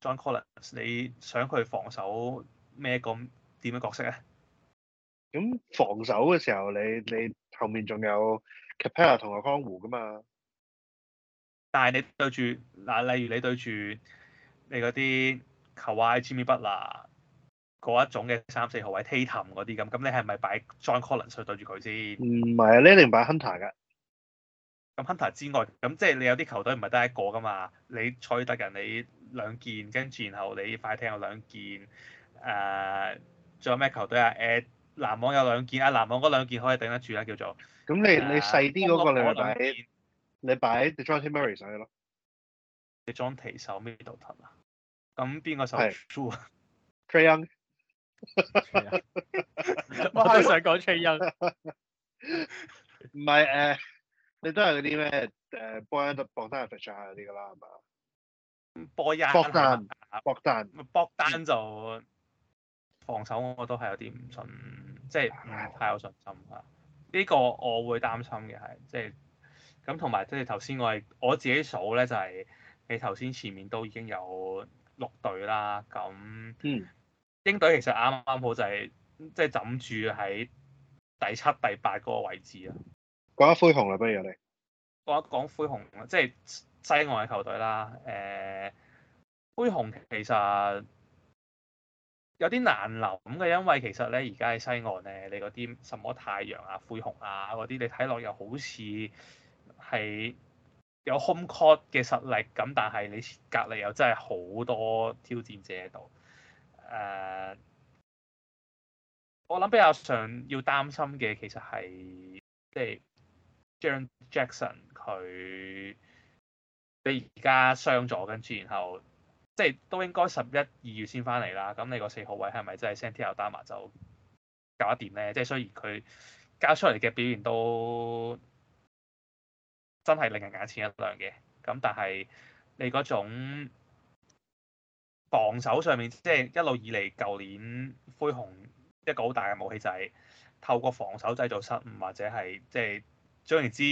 ，John Collins，你想佢防守咩咁點樣角色啊？咁防守嘅時候，你你後面仲有 Capella 同阿江湖噶嘛？但係你對住嗱，例如你對住。你嗰啲球啊，Jimmy Butler 啦，嗰一種嘅三四號位 Tatum 嗰啲咁，咁、um、你係咪擺 John Collins 去對住佢先？唔係啊，你一定擺 Hunter 㗎。咁 Hunter 之外，咁即係你有啲球隊唔係得一個㗎嘛？你賽爾特人你兩件，跟住然後你快艇有兩件，誒、呃，仲有咩球隊啊？誒、呃，籃網有兩件啊，籃網嗰兩件可以頂得住啦，叫做。咁你你細啲嗰個你擺，你擺 John Terry 上去咯。你 John Terry 啊。咁邊個手輸啊？吹恩，我都想講吹恩，唔係誒，uh, 你都係嗰啲咩誒，波恩、博單、feature 嗰啲噶啦，係嘛？波恩、博單、博單，博單就防守，我都係有啲唔信，即係唔太有信心啊！呢、這個我會擔心嘅係，即係咁同埋，即係頭先我係我自己數咧、就是，就係你頭先前面都已經有。六隊啦，咁、嗯、鷹隊其實啱啱好就係即係枕住喺第七、第八嗰個位置啊。講一下灰熊啦，不如我哋。講一講灰熊，即、就、係、是、西岸嘅球隊啦。誒、呃，灰熊其實有啲難諗嘅，因為其實咧，而家喺西岸咧，你嗰啲什麼太陽啊、灰熊啊嗰啲，你睇落又好似係。有 homecourt 嘅實力咁，但係你隔離又真係好多挑戰者喺度。誒、uh,，我諗比較上要擔心嘅其實係即係 Jaren Jackson 佢你而家傷咗，跟住然後即係、就是、都應該十一二月先翻嚟啦。咁你個四號位係咪真係 Santi Aldama 就搞掂咧？即、就、係、是、雖然佢交出嚟嘅表現都～真係令人眼前一亮嘅，咁但係你嗰種防守上面，即係一路以嚟舊年灰熊一個好大嘅武器就係透過防守製造失誤或者係即係總言之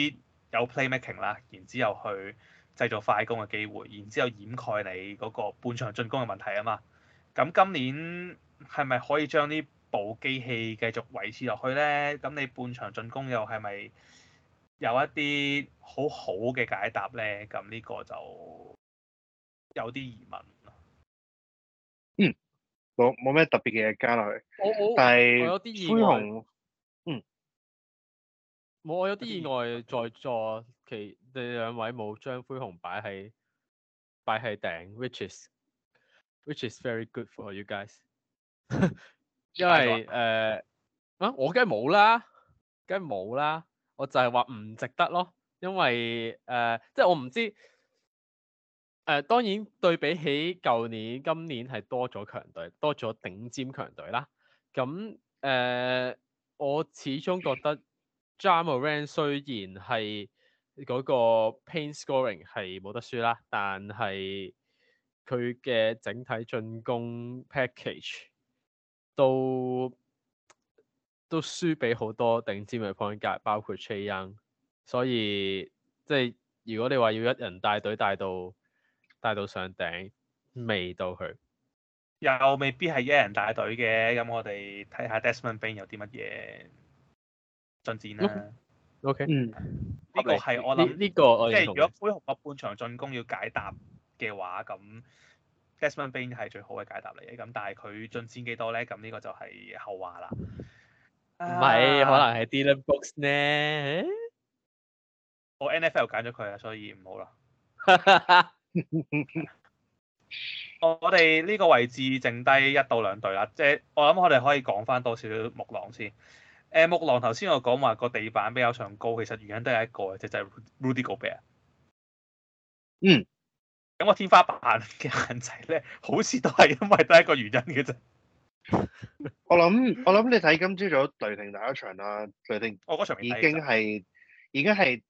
有 playmaking 啦，然之後去製造快攻嘅機會，然之後掩蓋你嗰個半場進攻嘅問題啊嘛。咁今年係咪可以將呢部機器繼續維持落去咧？咁你半場進攻又係咪？有一啲好好嘅解答咧，咁呢個就有啲疑問。嗯。冇冇咩特別嘅嘢加落去。是我我。但係。有啲意外。嗯。冇，我有啲意外在座其你兩位冇將灰熊擺喺擺喺頂，which is which is very good for you guys。 因為誒、呃、啊，我梗係冇啦，梗係冇啦。我就係話唔值得咯，因為誒、呃，即係我唔知誒、呃。當然對比起舊年，今年係多咗強隊，多咗頂尖強隊啦。咁誒、呃，我始終覺得 Ja Morant 雖然係嗰個 paint scoring 係冇得輸啦，但係佢嘅整體進攻 package 都～都輸俾好多頂尖嘅 point guard，包括 Trae Young，所以即係如果你話要一人帶隊帶到帶到上頂，未到佢又未必係一人帶隊嘅。咁我哋睇下 Desmond Bane 有啲乜嘢進展啦。OK，嗯 Okay .、okay.，呢、這個係我諗呢個，即係如果灰熊嘅半場進攻要解答嘅話，咁 Desmond Bane 係最好嘅解答嚟嘅。咁但係佢進展幾多咧？咁呢個就係後話啦。唔係，可能係 Dylan Brooks 咧。我 NFL 揀咗佢啊，所以唔好啦 。我哋呢個位置剩低一到兩隊啦，即、呃、係我諗我哋可以講翻多少木狼先。誒、呃，木狼頭先我講話個地板比較上高，其實原因都係一個，就就 Rudy Gobert 嗯。咁個天花板嘅限制咧，好似都係因為得一個原因嘅啫。 我諗我諗你睇今朝早雷霆打一場啦，雷霆場已經係已經係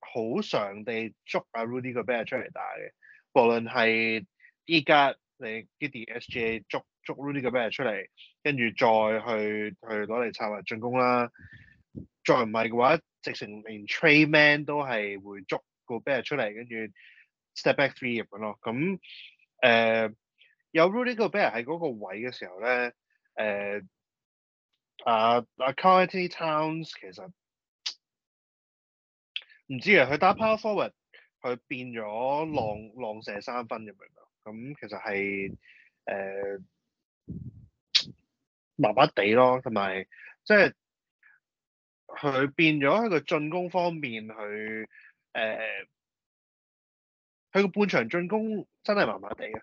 好常地捉阿 Rudy 個 back 出嚟打嘅，無論係依家你啲 Giddey SGA 捉捉 Rudy 個 back 出嚟，跟住再去去攞嚟策劃進攻啦，再唔係嘅話，直情連 train man 都係會捉個 back 出嚟，跟住 step back three 入咁咯，咁誒。呃有 Rudy Gobert 喺嗰個位嘅時候咧，誒、呃、啊，啊 KAT Towns 其實唔知啊，佢打 Power Forward，佢變咗浪浪射三分咁樣樣，咁其實係誒、呃、麻麻地咯，同埋即係佢變咗喺個進攻方面，佢誒佢個半場進攻真係麻麻地啊。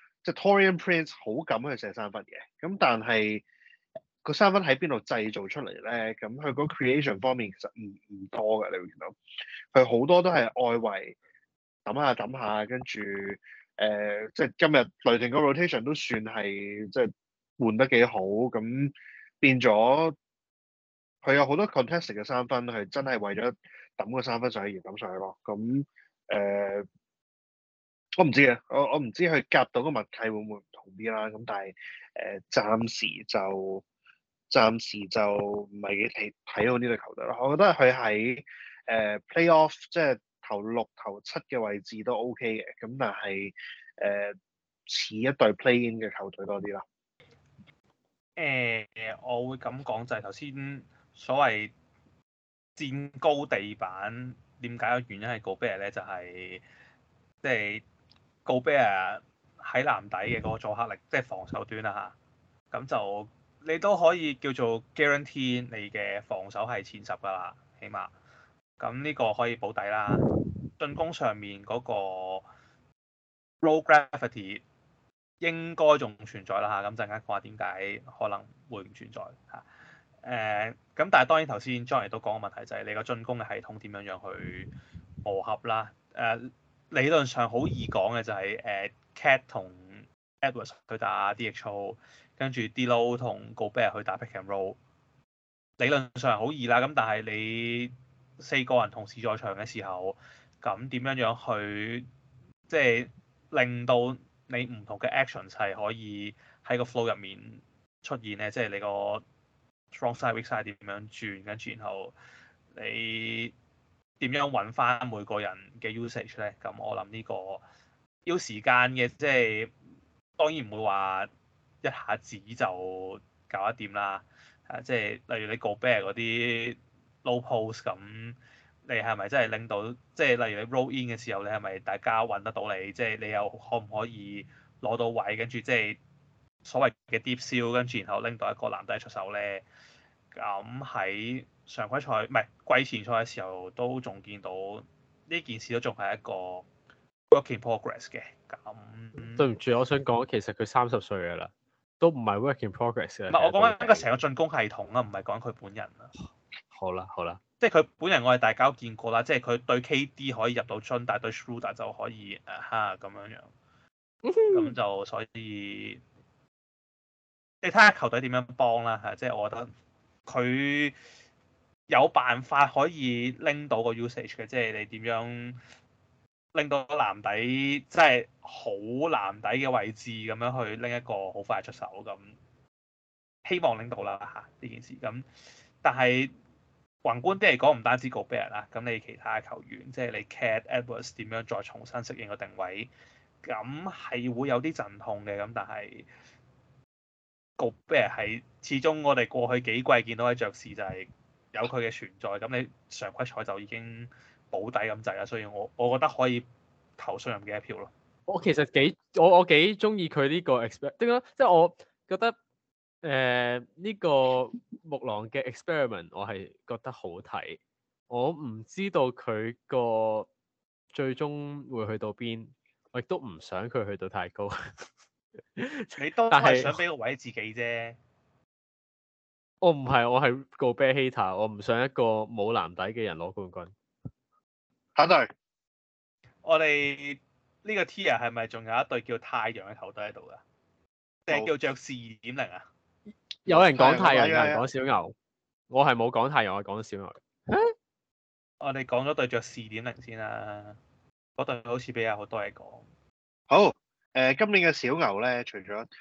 即 Torian Prince 好敢去射三分嘅，咁但係個三分喺邊度製造出嚟咧？咁佢嗰 creation 方面其實唔唔多嘅，你會見到佢好多都係外圍抌下抌下，跟住誒即係今日雷霆嘅 rotation 都算係即係換得幾好，咁變咗佢有好多 contest 嘅三分係真係為咗抌個三分上去而抌上去咯，咁誒。呃我唔知嘅，我我唔知佢夾到個默契會唔會唔同啲啦。咁但係，誒、呃，暫時就暫時就唔係幾睇睇到呢隊球隊啦。我覺得佢喺誒、呃、playoff 即係頭六頭七嘅位置都 OK 嘅。咁但係，誒、呃，似一隊 play in 嘅球隊多啲啦。誒、呃，我會咁講就係頭先所謂墊高地板，點解個原因係個 back 咧？就係即係。就是奧貝爾喺籃底嘅嗰個阻嚇力，即係防守端啦嚇，咁就你都可以叫做 guarantee 你嘅防守係前十㗎啦，起碼，咁呢個可以保底啦。進攻上面嗰個 low gravity 應該仲存在啦嚇，咁陣間話點解可能會唔存在嚇？誒、啊，咁但係當然頭先 John 都講個問題就係你個進攻嘅系統點樣樣去磨合啦，誒、啊。理論上好易講嘅就係誒 KAT 同 Edwards 去打 DHO，跟住 DLO 同 Gobert 去打 Pick and Roll。理論上好易啦，咁但係你四個人同時在場嘅時候，咁點樣樣去即係、就是、令到你唔同嘅 actions 係可以喺個 flow 入面出現咧，即、就、係、是、你個 strong side weak side 點樣轉跟住，然後你。點樣揾翻每個人嘅 usage 咧？咁我諗呢個要時間嘅，即係當然唔會話一下子就搞得掂啦、啊。即係例如你 go back 嗰啲 low post 咁你係咪真係拎到？即係例如你 roll in 嘅時候，你係咪大家揾得到你？即係你又可唔可以攞到位，跟住即係所謂嘅 deep sell，跟住然後拎到一個男低出手咧？咁喺常規賽唔係季前賽嘅時候，都仲見到呢件事都仲係一個 working progress 嘅。咁對唔住，我想講，其實佢三十歲嘅啦，都唔係 working progress 嘅。唔係我講緊個成個進攻系統啊，唔係講佢本人啊。好啦，好啦，即係佢本人，本人我哋大家都見過啦。即係佢對 KD 可以入到樽，但係對 Schröder 就可以嚇咁樣樣。咁、uh huh. 就所以，你睇下球隊點樣幫啦嚇。即係我覺得佢。有辦法可以拎到個 usage 嘅，即係你點樣拎到個籃底，即係好籃底嘅位置咁樣去拎一個好快出手咁，希望拎到啦嚇呢件事。咁但係宏觀啲嚟講，唔單止 Gobert 啦，咁你其他球員，即係你 Cat Edwards 點樣再重新適應個定位，咁係會有啲陣痛嘅。咁但係 Gobert 係始終我哋過去幾季見到嘅爵士就係。有佢嘅存在，咁你常規賽就已經保底咁滯啦，所以我我覺得可以投信任嘅一票咯。我其實幾，我我幾中意佢呢個，experiment 點講咧？即係我覺得誒呢、呃這個木狼嘅 experiment，我係覺得好睇。我唔知道佢個最終會去到邊，我亦都唔想佢去到太高。你 都係想俾個位自己啫。我唔係，我係個 bad hater，我唔想一個冇男底嘅人攞冠軍。肯定對。我哋呢個 team 係咪仲有一隊叫太陽嘅球隊喺度噶？定係叫爵士二點零啊？有人講太陽，有人講小牛。我係冇講太陽，我係講小牛。啊、我哋講咗對爵士二點零先啦。嗰隊好似比較好多嘢講。好，誒、呃，今年嘅小牛咧，除咗～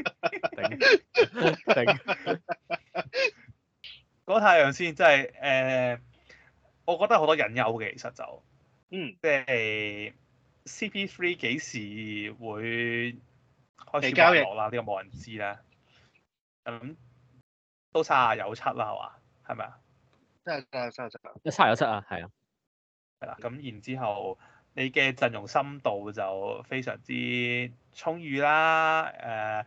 頂講 太陽先，真係誒、呃，我覺得好多隱憂嘅，嗯、其實就，嗯、呃，即係 CP3 幾時會開始滑落啦？呢個冇人知啦。咁、嗯、都卅有七啦，係嘛？係咪啊？真係真係真係一卅有七啊，係啊，係啦。咁然之後，你嘅陣容深度就非常之充裕啦，誒、呃。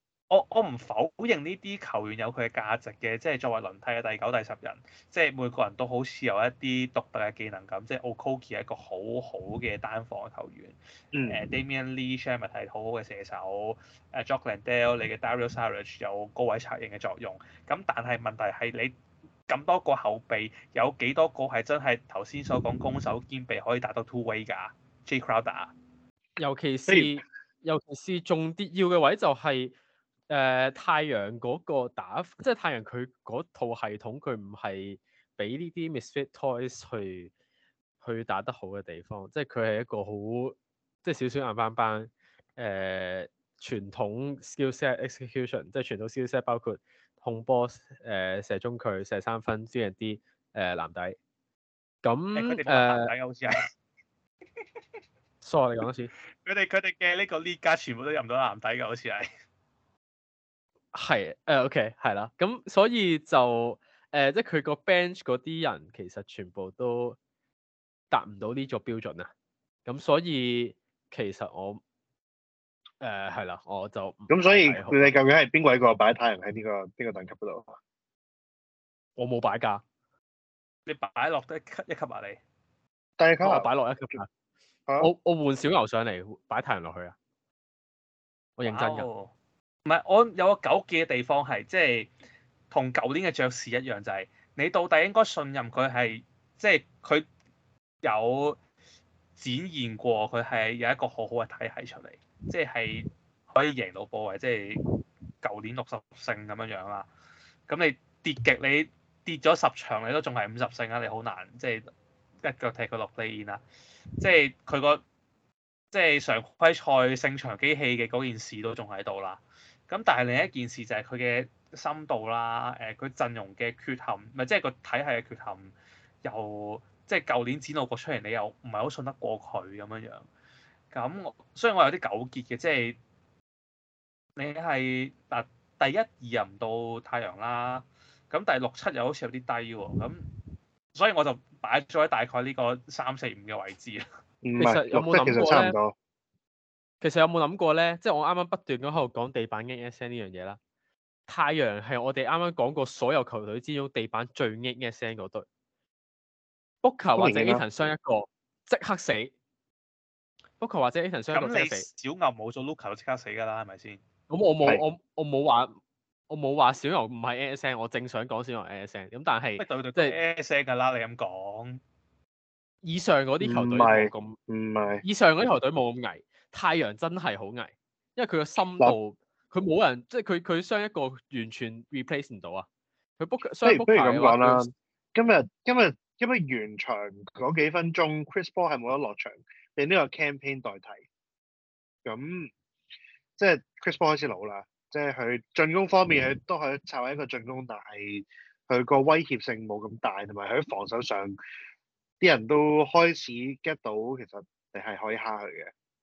我我唔否認呢啲球員有佢嘅價值嘅，即係作為輪替嘅第九、第十人，即係每個人都好似有一啲獨特嘅技能咁。即係 Okogie 係一個好好嘅單防球員，誒、嗯 uh, Damion Lee Shamet 係好好嘅射手，誒、嗯 uh, Jock Landale 你嘅 Dario Saric 有高位策應嘅作用。咁但係問題係你咁多個後備，有幾多個係真係頭先所講攻守兼備可以達到 two way 㗎？Jae Crowder，尤其是 Hey. 尤其是重啲要嘅位就係、是。誒、呃、太陽嗰個打，即係太陽佢嗰套系統，佢唔係俾呢啲 misfit toys 去去打得好嘅地方，即係佢係一個好即係少少硬梆梆。誒、呃、傳統 skill set execution，即係傳統 skill set 包括控波誒、呃、射中距射三分、啲人啲誒籃底。咁誒，籃底嘅好似係。sorry，你講多次。佢哋佢哋嘅呢個 lead guard 全部都入唔到籃底嘅，好似係。係誒、嗯、，OK，係啦，咁、嗯、所以就誒、呃，即係佢個 bench 嗰啲人其實全部都達唔到呢組標準啊，咁、嗯、所以其實我誒係啦，我就咁，所以你究竟係邊個喺個擺太陽喺呢、這個邊個等級度？我冇擺架，你擺落得一級一級啊？你，但係佢話擺落一級、啊啊、我我換小牛上嚟擺太陽落去啊！我認真噶。唔係，我有個糾結嘅地方係，即係同舊年嘅爵士一樣，就係、是、你到底應該信任佢係，即係佢有展現過佢係有一個好好嘅體系出嚟，即、就、係、是、可以贏到波位，即係舊年六十勝咁樣樣啦。咁你跌極，你跌咗十場，你都仲係五十勝啊！你好難即係、就是、一腳踢佢落地線啦。即係佢個即係常規賽勝場機器嘅嗰件事都仲喺度啦。咁但係另一件事就係佢嘅深度啦，誒佢陣容嘅缺陷，咪即係個體系嘅缺陷，又即係舊年展露過出嚟，你又唔係好信得過佢咁樣樣。咁我所以我有啲糾結嘅，即係你係嗱第一第二又唔到太陽啦，咁第六七又好似有啲低喎、喔，咁所以我就擺咗喺大概呢個三四五嘅位置啊。是 六七其實差唔多。其實有冇諗過咧？即係我啱啱不斷咁喺度講地板 n S N 呢樣嘢啦。太陽係我哋啱啱講過所有球隊之中地板最 n S N 嗰隊，book 球、er、或者 Ayton 傷一個即刻死，book 球、er、或者 Ayton 傷一個即刻死。咁你小牛冇咗 Luka 球即刻死噶啦，係咪先？咁我冇是我我冇話我冇話小牛唔係 n S N，我正想講小牛 n S N。咁但係即係 n S N 噶啦，你咁講。以上嗰啲球隊唔係咁唔係，以上嗰啲球隊冇咁危。太陽真係好危，因為佢個深度佢冇人，即係佢佢傷一個完全 replace 唔到啊！佢 book、嗯、所以不如咁講啦，今日今日今日完場嗰幾分鐘，Chris Paul 係冇得落場，俾呢個 campaign 代替。咁即係 Chris Paul 開始老啦，即係佢進攻方面佢、嗯、都係作為一個進攻但大，佢個威脅性冇咁大，同埋佢喺防守上啲人都開始 get 到其實你係可以蝦佢嘅。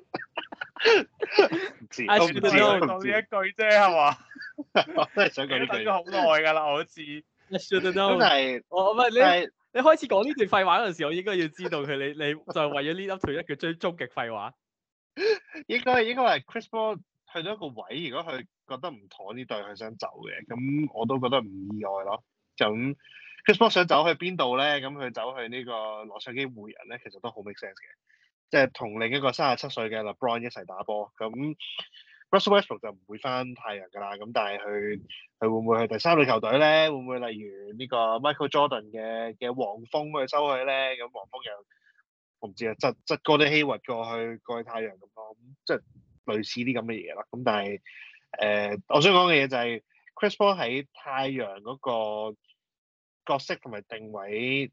唔 知道 i should s h u d 講呢一句啫，係嘛？是吧 我真係想講呢句， 好耐噶啦，我知。i s h u d 真係， 是我唔係你，你開始講呢段廢話嗰陣時，我應該要知道佢，你你就為咗呢粒退一，叫追終極廢話。應該應該係 Chris Paul 去到一個位，如果佢覺得唔妥呢隊，佢想走嘅，咁我都覺得唔意外咯。就咁，Chris Paul 想走去邊度咧？咁佢走去個羅基呢個洛杉磯湖人咧，其實都好 make sense 嘅。即係同另一個三十七歲嘅 LeBron 一齊打波，咁 Russell Westbrook 就唔會翻太陽㗎啦。咁但係佢佢會唔會去第三類球隊咧？會唔會例如呢個 Michael Jordan 嘅嘅黃蜂去收佢咧？咁黃蜂又我唔知啊，執執過啲希朮過去過去太陽咁咯，即係類似啲咁嘅嘢啦。咁但係誒、呃，我想講嘅嘢就係、是、Chris Paul 喺太陽嗰個角色同埋定位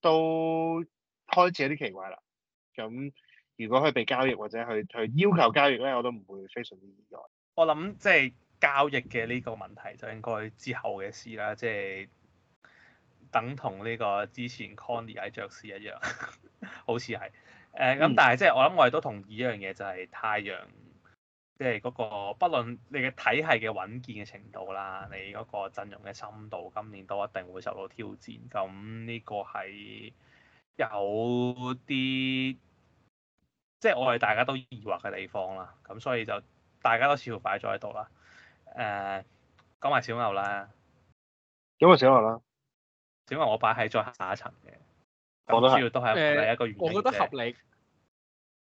都開始有啲奇怪啦。咁如果佢被交易或者去去要求交易咧，我都唔會非常之意外。我諗即係交易嘅呢個問題就，就應該之後嘅事啦，即係等同呢個之前 Conley 喺爵士一樣， 好似係。誒、呃、咁，嗯、但係即係我諗，我哋都同意一樣嘢，就係、是、太陽，即係嗰個，不論你嘅體系嘅穩健嘅程度啦，你嗰個陣容嘅深度，今年都一定會受到挑戰。咁呢個係。有啲即係我哋大家都疑惑嘅地方啦，咁所以就大家都似乎擺咗喺度啦。誒、呃，講埋小牛啦，因為小牛啦，小牛我擺喺再下一層嘅，我主要都係一個原因，我覺得合理，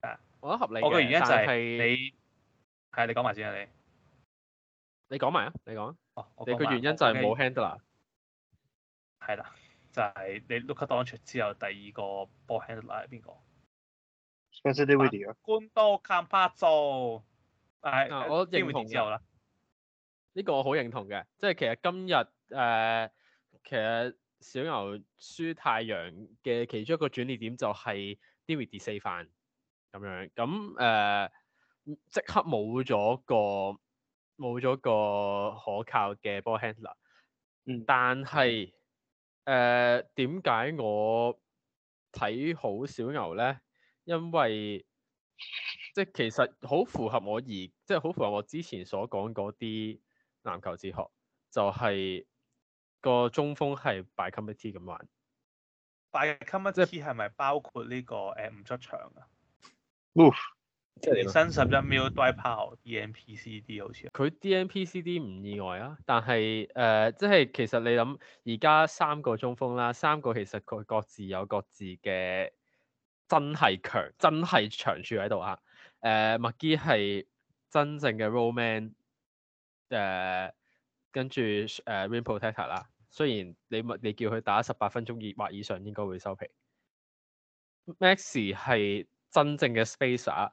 啊、我覺得合理。我嘅原因就係、是、是你，係你講埋先啊，你講，你講埋啊，你講啊，哦，我你嘅原因就係冇 handler，係啦。Okay. 就係、是、你 look at Doncic 之後，第二個 ball handler 係邊個？Spencer Dinwiddie。冠道坎帕佐。係。啊，我認同之後啦。呢個我好認同嘅，即係其實今日誒、呃，其實小牛輸太陽嘅其中一個轉捩點就係 Dinwiddie 四犯咁樣，咁誒、呃、即刻冇咗個冇咗個可靠嘅 ball handler，嗯，但係。誒，點解、uh, 我睇好小牛咧？因為即係其實好符合我而，即係好符合我之前所講嗰啲籃球哲學，就係、是、個中鋒係 by committee 咁玩。by committee 係咪即包括呢、這個誒唔、uh, 出場啊？Uh. 即係新十一秒對跑 DNPCD 好似佢 d m p c d 唔意外啊，但係誒即係其實你諗而家三個中鋒啦，三個其實佢各自有各自嘅真係強真係長處喺度啊！誒、呃、麥基係真正嘅 roll man 誒、呃，跟住誒、呃、rim protector 啦，雖然你你叫佢打十八分鐘以或以上應該會收皮。Max 係真正嘅 spacer，啊。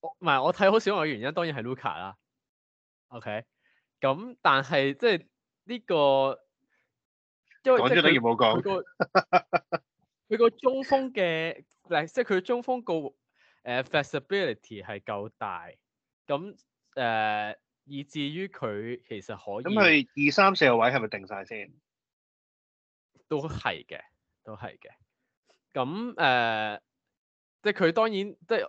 唔係我睇好少我嘅原因，當然係 Luka 啦。OK，咁但係即係呢、這個，因為即係佢個佢個中鋒嘅，即係佢中鋒個誒、uh, flexibility 係夠大，咁誒、uh, 以至於佢其實可以。咁佢二三四個位係咪定晒先？都係嘅，都係嘅。咁誒、uh,，即係佢當然即係。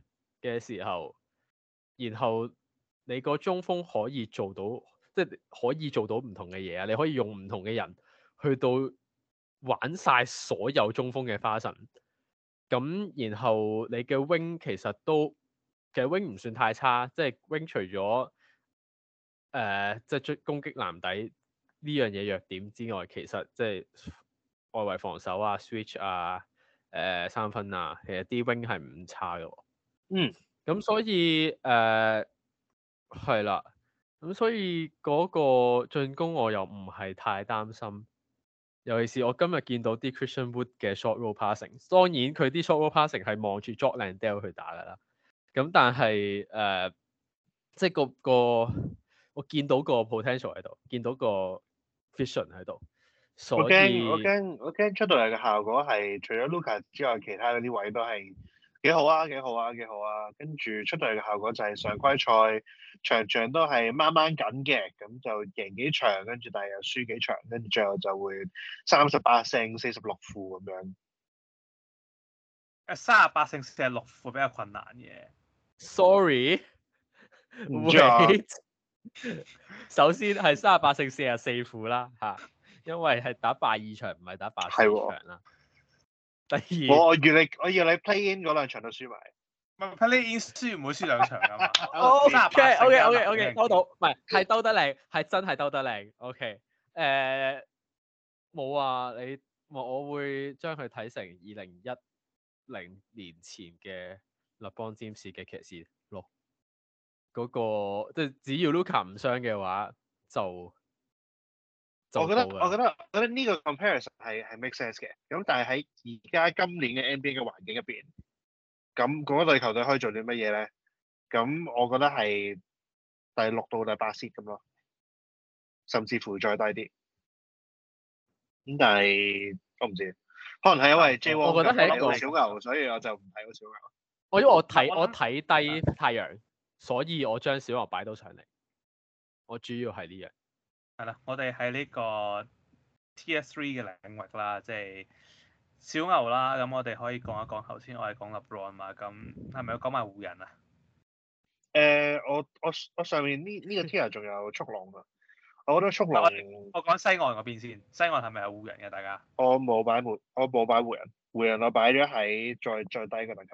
嘅時候，然後你個中鋒可以做到，即係可以做到唔同嘅嘢啊！你可以用唔同嘅人去到玩晒所有中鋒嘅花神。咁然後你嘅 wing 其實都，其實 wing 唔算太差，即係 wing 除咗誒即係攻擊籃底呢樣嘢弱點之外，其實即係外圍防守啊、switch 啊、誒、呃、三分啊，其實啲 wing 係唔差嘅。嗯，咁所以誒係啦，咁、呃、所以嗰個進攻我又唔係太擔心，尤其是我今日見到啲 Christian Wood 嘅 short roll passing，當然佢啲 short roll passing 係望住 D'Angelo 去打噶啦，咁但係誒、呃、即係個個我見到個 potential 喺度，見到個 vision 喺度，所以我驚我驚我驚出到嚟嘅效果係除咗 Luka 之外，其他嗰啲位都係。幾好啊，幾好啊，幾好啊！跟住出到嚟嘅效果就係常規賽場場都係掹掹緊嘅，咁就贏幾場，跟住第日又輸幾場，跟住最後就會三十八勝四十六負咁樣。誒、啊，三十八勝四十六負比較困難嘅做。Sorry，wait，首先係三十八勝四十四負啦，嚇，因為係打八二場唔係打八四場啦。第二，我我預你，我要你 play in 嗰兩場都輸埋，唔係 play in 輸唔會輸兩場㗎嘛？O K O K O K O K 兜到，唔係係兜得靚，係真係兜得靚。O K 誒、冇啊，你我會將佢睇成二零一零年前嘅立邦詹士嘅騎士咯，嗰、那個即係只要 Luka 唔傷嘅話就。我覺得我覺得我覺得呢個 comparison 係係 make sense 嘅，咁但係喺而家今年嘅 NBA 嘅環境入邊，咁嗰一隊球隊可以做啲乜嘢咧？咁我覺得係第六到第八 seed 咁咯，甚至乎再低啲。咁但係我唔知，可能係因為 j e 我覺得係我到小牛，所以我就唔睇到小牛。我因為我睇我睇低太陽，嗯、所以我將小牛擺到上嚟。我主要係呢樣。係啦，我哋喺呢個 Tier 3嘅領域啦，即係小牛啦。咁我哋可以講一講，頭先我哋講 Bron 嘛。咁係咪要講埋湖人啊？誒、欸，我我我上面呢呢、呢個 Tier 仲有速龍㗎。我覺得速龍。我講西岸嗰邊先。西岸係咪有湖人嘅？大家？我冇擺我冇擺湖人。湖人我擺咗喺最最低嘅等級。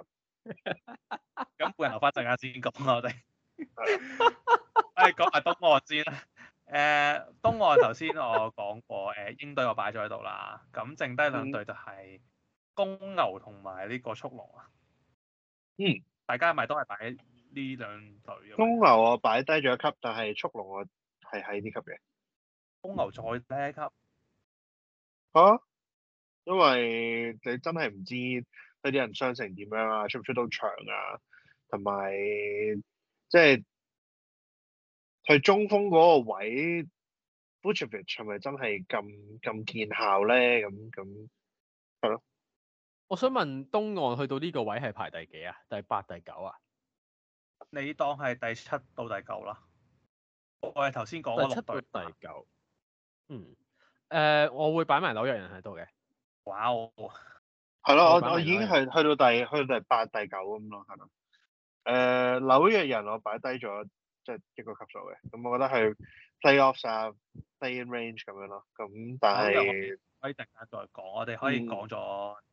咁湖人留翻陣間先講我哋。係的。誒，講埋東岸先啦。誒，東岸頭先我講過，誒、 欸、英隊我擺咗喺度啦，咁剩低兩隊就係公牛同埋呢個速龍啊。嗯。大家咪都係擺呢兩隊。公牛我擺低咗一級，但係速龍我係喺呢級嘅。公牛再低一級。嚇、啊？因為你真係唔知佢啲人傷成點樣啊，出唔出到場啊，同埋即係。就是去中鋒嗰個位 Vucevic 係咪真係咁咁見效咧？咁咁係咯。我想問東岸去到呢個位係排第幾啊？第八、第九啊？你當係第七到第九啦。我係頭先講第七到第九。嗯。誒、呃，我會擺埋紐約人喺度嘅。哇 Wow！係咯，我我，我已經係去，去到第去到第八、第九咁咯，係嘛？誒、呃，紐約人我擺低咗。即係一個級數嘅，咁我覺得係 playoffs 啊，play-in range 咁樣咯。咁但係可以等下再講，我哋可以講咗、嗯、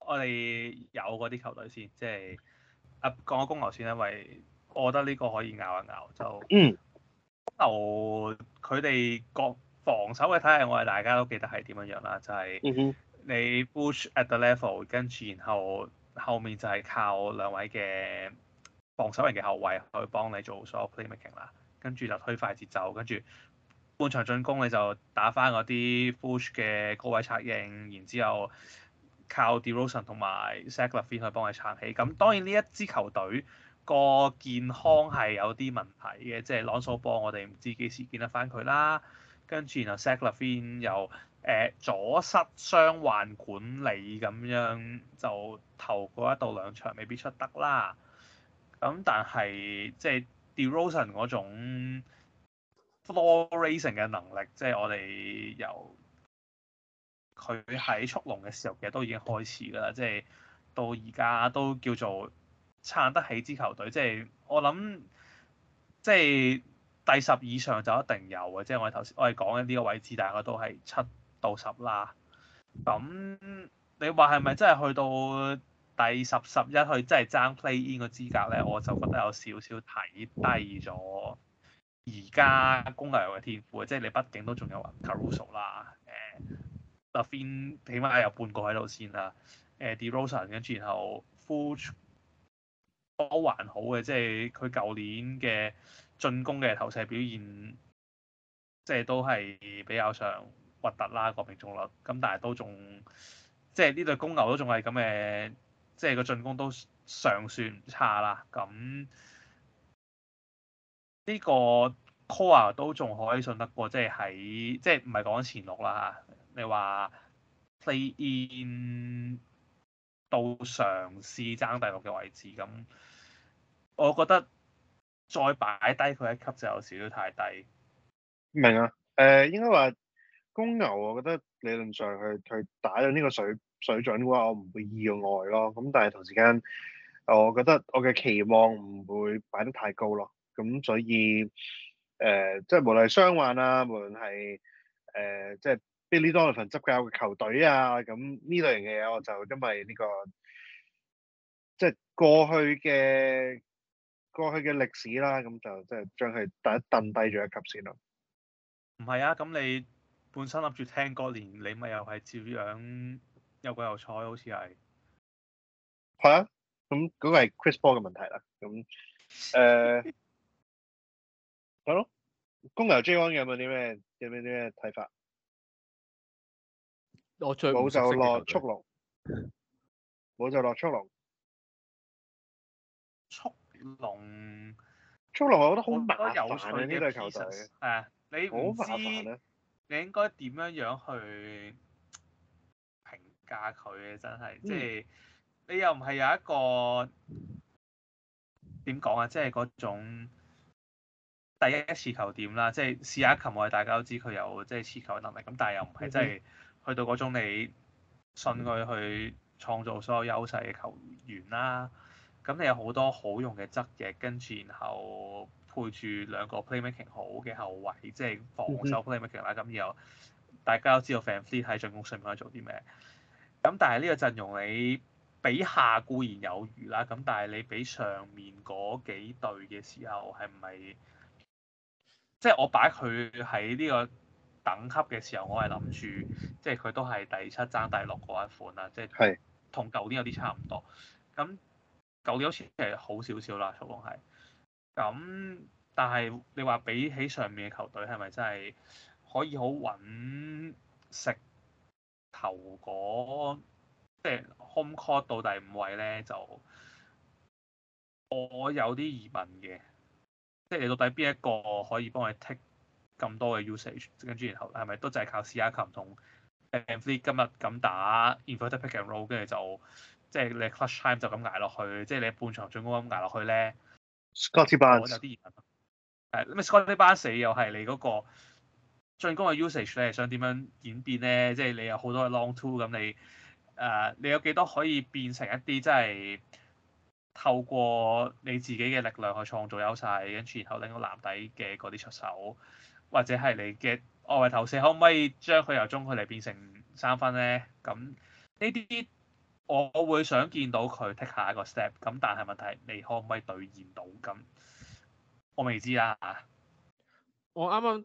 我哋有嗰啲球隊先，即係啊講咗公牛先，因為我覺得呢個可以拗一拗，就。嗯。公牛佢哋個防守嘅體系，我哋大家都記得係點樣樣啦，就係、是嗯、哼你 push at the level，跟住然後後面就係靠兩位嘅。防守人嘅後衛可以幫你做所有 playmaking 啦，跟住就推快節奏，跟住半場進攻你就打翻嗰啲 push 嘅高位策應，然之後靠 DeRozan 同埋 Zach LaVine 去幫你撐起。咁當然呢一支球隊個健康係有啲問題嘅，即係 Lonzo Ball 我哋唔知幾時見得翻佢啦。跟住然後 Zach LaVine 又誒左膝傷患管理咁樣，就頭嗰一到兩場未必出得啦。咁但係即係 DeRozan 嗰種 floor raising 嘅能力，即係我哋由佢喺速龍嘅時候其實都已經開始噶啦，即係到而家都叫做撐得起支球隊，即係我諗即係第十以上就一定有嘅，即係我哋頭先我哋講緊呢個位置大概都係七到十啦。咁你話係咪真係去到？第十十一佢真係爭 play in 個資格咧，我就覺得有少少睇低咗而家公牛嘅天賦，即係你畢竟都仲有 Caruso 啦，誒、欸、LaVine 起碼有半個喺度先啦，誒、欸、Derozan 跟住然後 Vooch 都還好嘅，即係佢舊年嘅進攻嘅投射表現即係都係比較上核突啦，個命中率咁，但係都仲即係呢隊公牛都仲係咁嘅。即係個進攻都尚算唔差啦，咁呢個 core 都仲可以信得過，即係喺即係唔係講前六啦嚇，你話 play in 到嘗試爭第六嘅位置，咁我覺得再擺低佢一級就有少少太低。明啊，誒、呃、應該話公牛我覺得理論上佢佢打咗呢個水。水準嘅話，我唔會意外咯。咁但係同時間，我覺得我嘅期望唔會擺得太高咯。咁、嗯、所以，誒、呃，即係無論係傷患啊，無論係誒、呃，即係 Billy Donovan 執教嘅球隊啊，咁、嗯、呢類型嘅嘢，我就因為呢、這個即係過去嘅過去嘅歷史啦，咁、嗯、就即係將佢第一蹬低咗一級先啦。唔係啊，咁你本身諗住聽歌年，你咪又係照樣。又鬼又彩，好似係，係啊，咁嗰、那個係 Chris Paul 嘅問題啦，咁，誒、呃，係咯，公牛 J1 有冇啲咩，有冇啲咩睇法？我最保就落速龍，保 就落速龍，速龍龍，速龍，我覺得好麻煩嘅呢隊球隊，係啊，你唔知你應該點樣樣去。加佢嘅真係，即係你又唔係有一個點講啊？即係嗰種第一一次球點啦，即係試下琴我係，大家都知佢有即係持球嘅能力。咁但係又唔係真係去到嗰種你信佢去創造所有優勢嘅球員啦。咁你有好多好用嘅側翼跟住，然後配住兩個 playmaking 好嘅後衞，即係防守 playmaking 啦。咁然後大家都知道 VanVleet 喺進攻上面可以做啲咩？咁但係呢個陣容你比下固然有餘啦，咁但係你比上面嗰幾隊嘅時候係唔係？即係我擺佢喺呢個等級嘅時候，我係諗住即係佢都係第七爭第六嗰一款啦，即係同舊年有啲差唔多。咁舊年好似係好少少啦，曹龍係。咁但係你話比起上面嘅球隊，係咪真係可以好揾食？頭果，即係 Home Court 到第五位呢，就我有啲疑問嘅，即係你到底邊一個可以幫你 take 咁多嘅 usage？跟住然後係咪都淨係靠 CICM 同 Ampli 今日噉打 inverted pick and roll？跟住就即係你嘅 clutch time 就噉捱落去，即係你半場進攻噉捱落去呢？Scottie Barnes 我有啲疑問。Scottie Barnes 又係你嗰個。進攻嘅 usage 你係想點樣演變咧？即係你有好多嘅 long two 咁你誒，uh, 你有幾多可以變成一啲即係透過你自己嘅力量去創造優勢，跟住然後令到籃底嘅嗰啲出手，或者係你嘅外圍投射可唔可以將佢由中距離變成三分咧？咁呢啲我會想見到佢 take 下一個 step，咁但係問題係你可唔可以兌現到咁？我未知喇！我啱啱。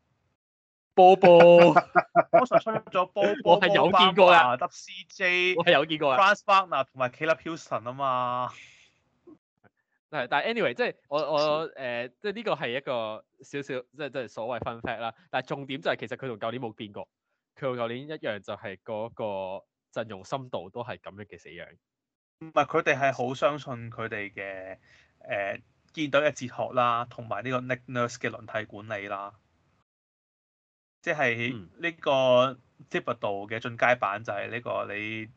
波波，我上出咗波波，我係有見過啦，w CJ，我係有見過啦 t r a n s p a r n e r 同埋 Klay Thompson 啊嘛， 但係 anyway，即係我我誒、呃，即係呢個係一個少少，即係即係所謂 fun fact 啦。但係重點就係其實佢同舊年冇變過，佢同舊年一樣就係嗰個陣容深度都係咁樣嘅死樣。唔係佢哋係好相信佢哋嘅誒，建隊嘅哲學啦，同埋呢個 Nick Nurse 嘅輪替管理啦。即係呢個 tip 度嘅進階版就係呢個你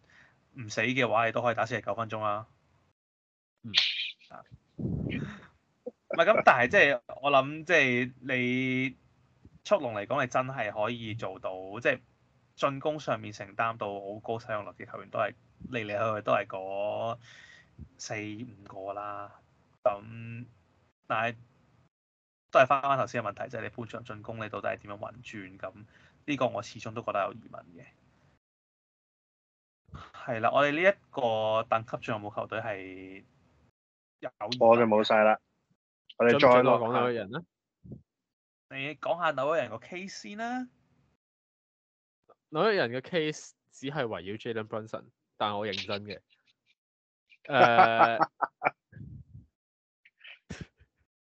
唔死嘅話，你都可以打四十九分鐘啦。唔係咁，但係即係我諗，即係你速龍嚟講，你真係可以做到，即係進攻上面承擔到好高使用率嘅球員都係嚟嚟去去都係嗰四五個啦。咁，但係。都係翻翻頭先嘅問題，就係、是、你半場進攻，你到底係點樣運轉？咁呢個我始終都覺得有疑問嘅。係啦，我哋呢一個等級仲有冇球隊係有，我有，我就冇晒啦。准准我哋再落講下紐約人啦。你講一下紐約人個 case 先啦。紐約人嘅 case 只係圍繞 Jalen Brunson，但我認真嘅。Uh,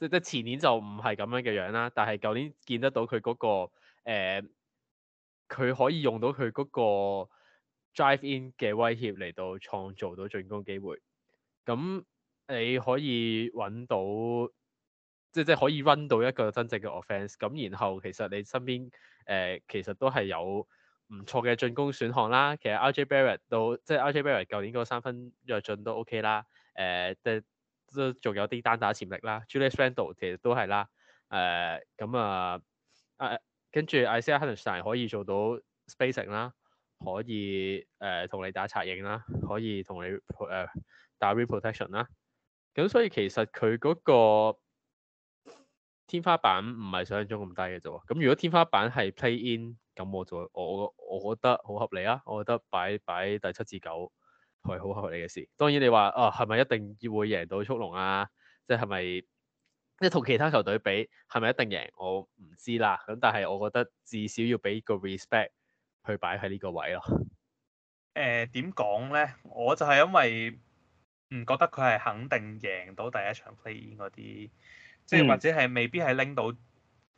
即即前年就唔係咁樣嘅樣啦，但係舊年見得到佢嗰個、呃、佢可以用到佢嗰個 drive in 嘅威脅嚟到創造到進攻機會，咁你可以揾到即係即係可以 run 到一個真正嘅 offence，咁然後其實你身邊誒、呃、其實都係有唔錯嘅進攻選項啦，其實 RJ Barrett 都即係 RJ Barrett 舊年嗰三分躍進都 OK 啦，誒、呃、即。都仲有啲單打潛力啦，Julius Randle 其實都係啦，誒、呃、咁啊，誒、啊、跟住 Isaiah Hartenstein 成日可以做到 spacing 啦，可以誒同、呃、你打策應啦，可以同你誒、呃、打 rim protection 啦，咁所以其實佢嗰個天花板唔係想象中咁低嘅啫喎，咁如果天花板係 play in，咁我就我我覺得好合理啊，我覺得擺擺第七至九。係好合理嘅事。當然你話啊，哦，係咪一定要會贏到速龍啊？即係係咪即係同其他球隊比，係咪一定贏？我唔知啦。咁但係我覺得至少要俾個 respect 去擺喺呢個位咯。誒點講咧？我就係因為唔覺得佢係肯定贏到第一場 play-in 嗰啲，即係、嗯、或者係未必係拎到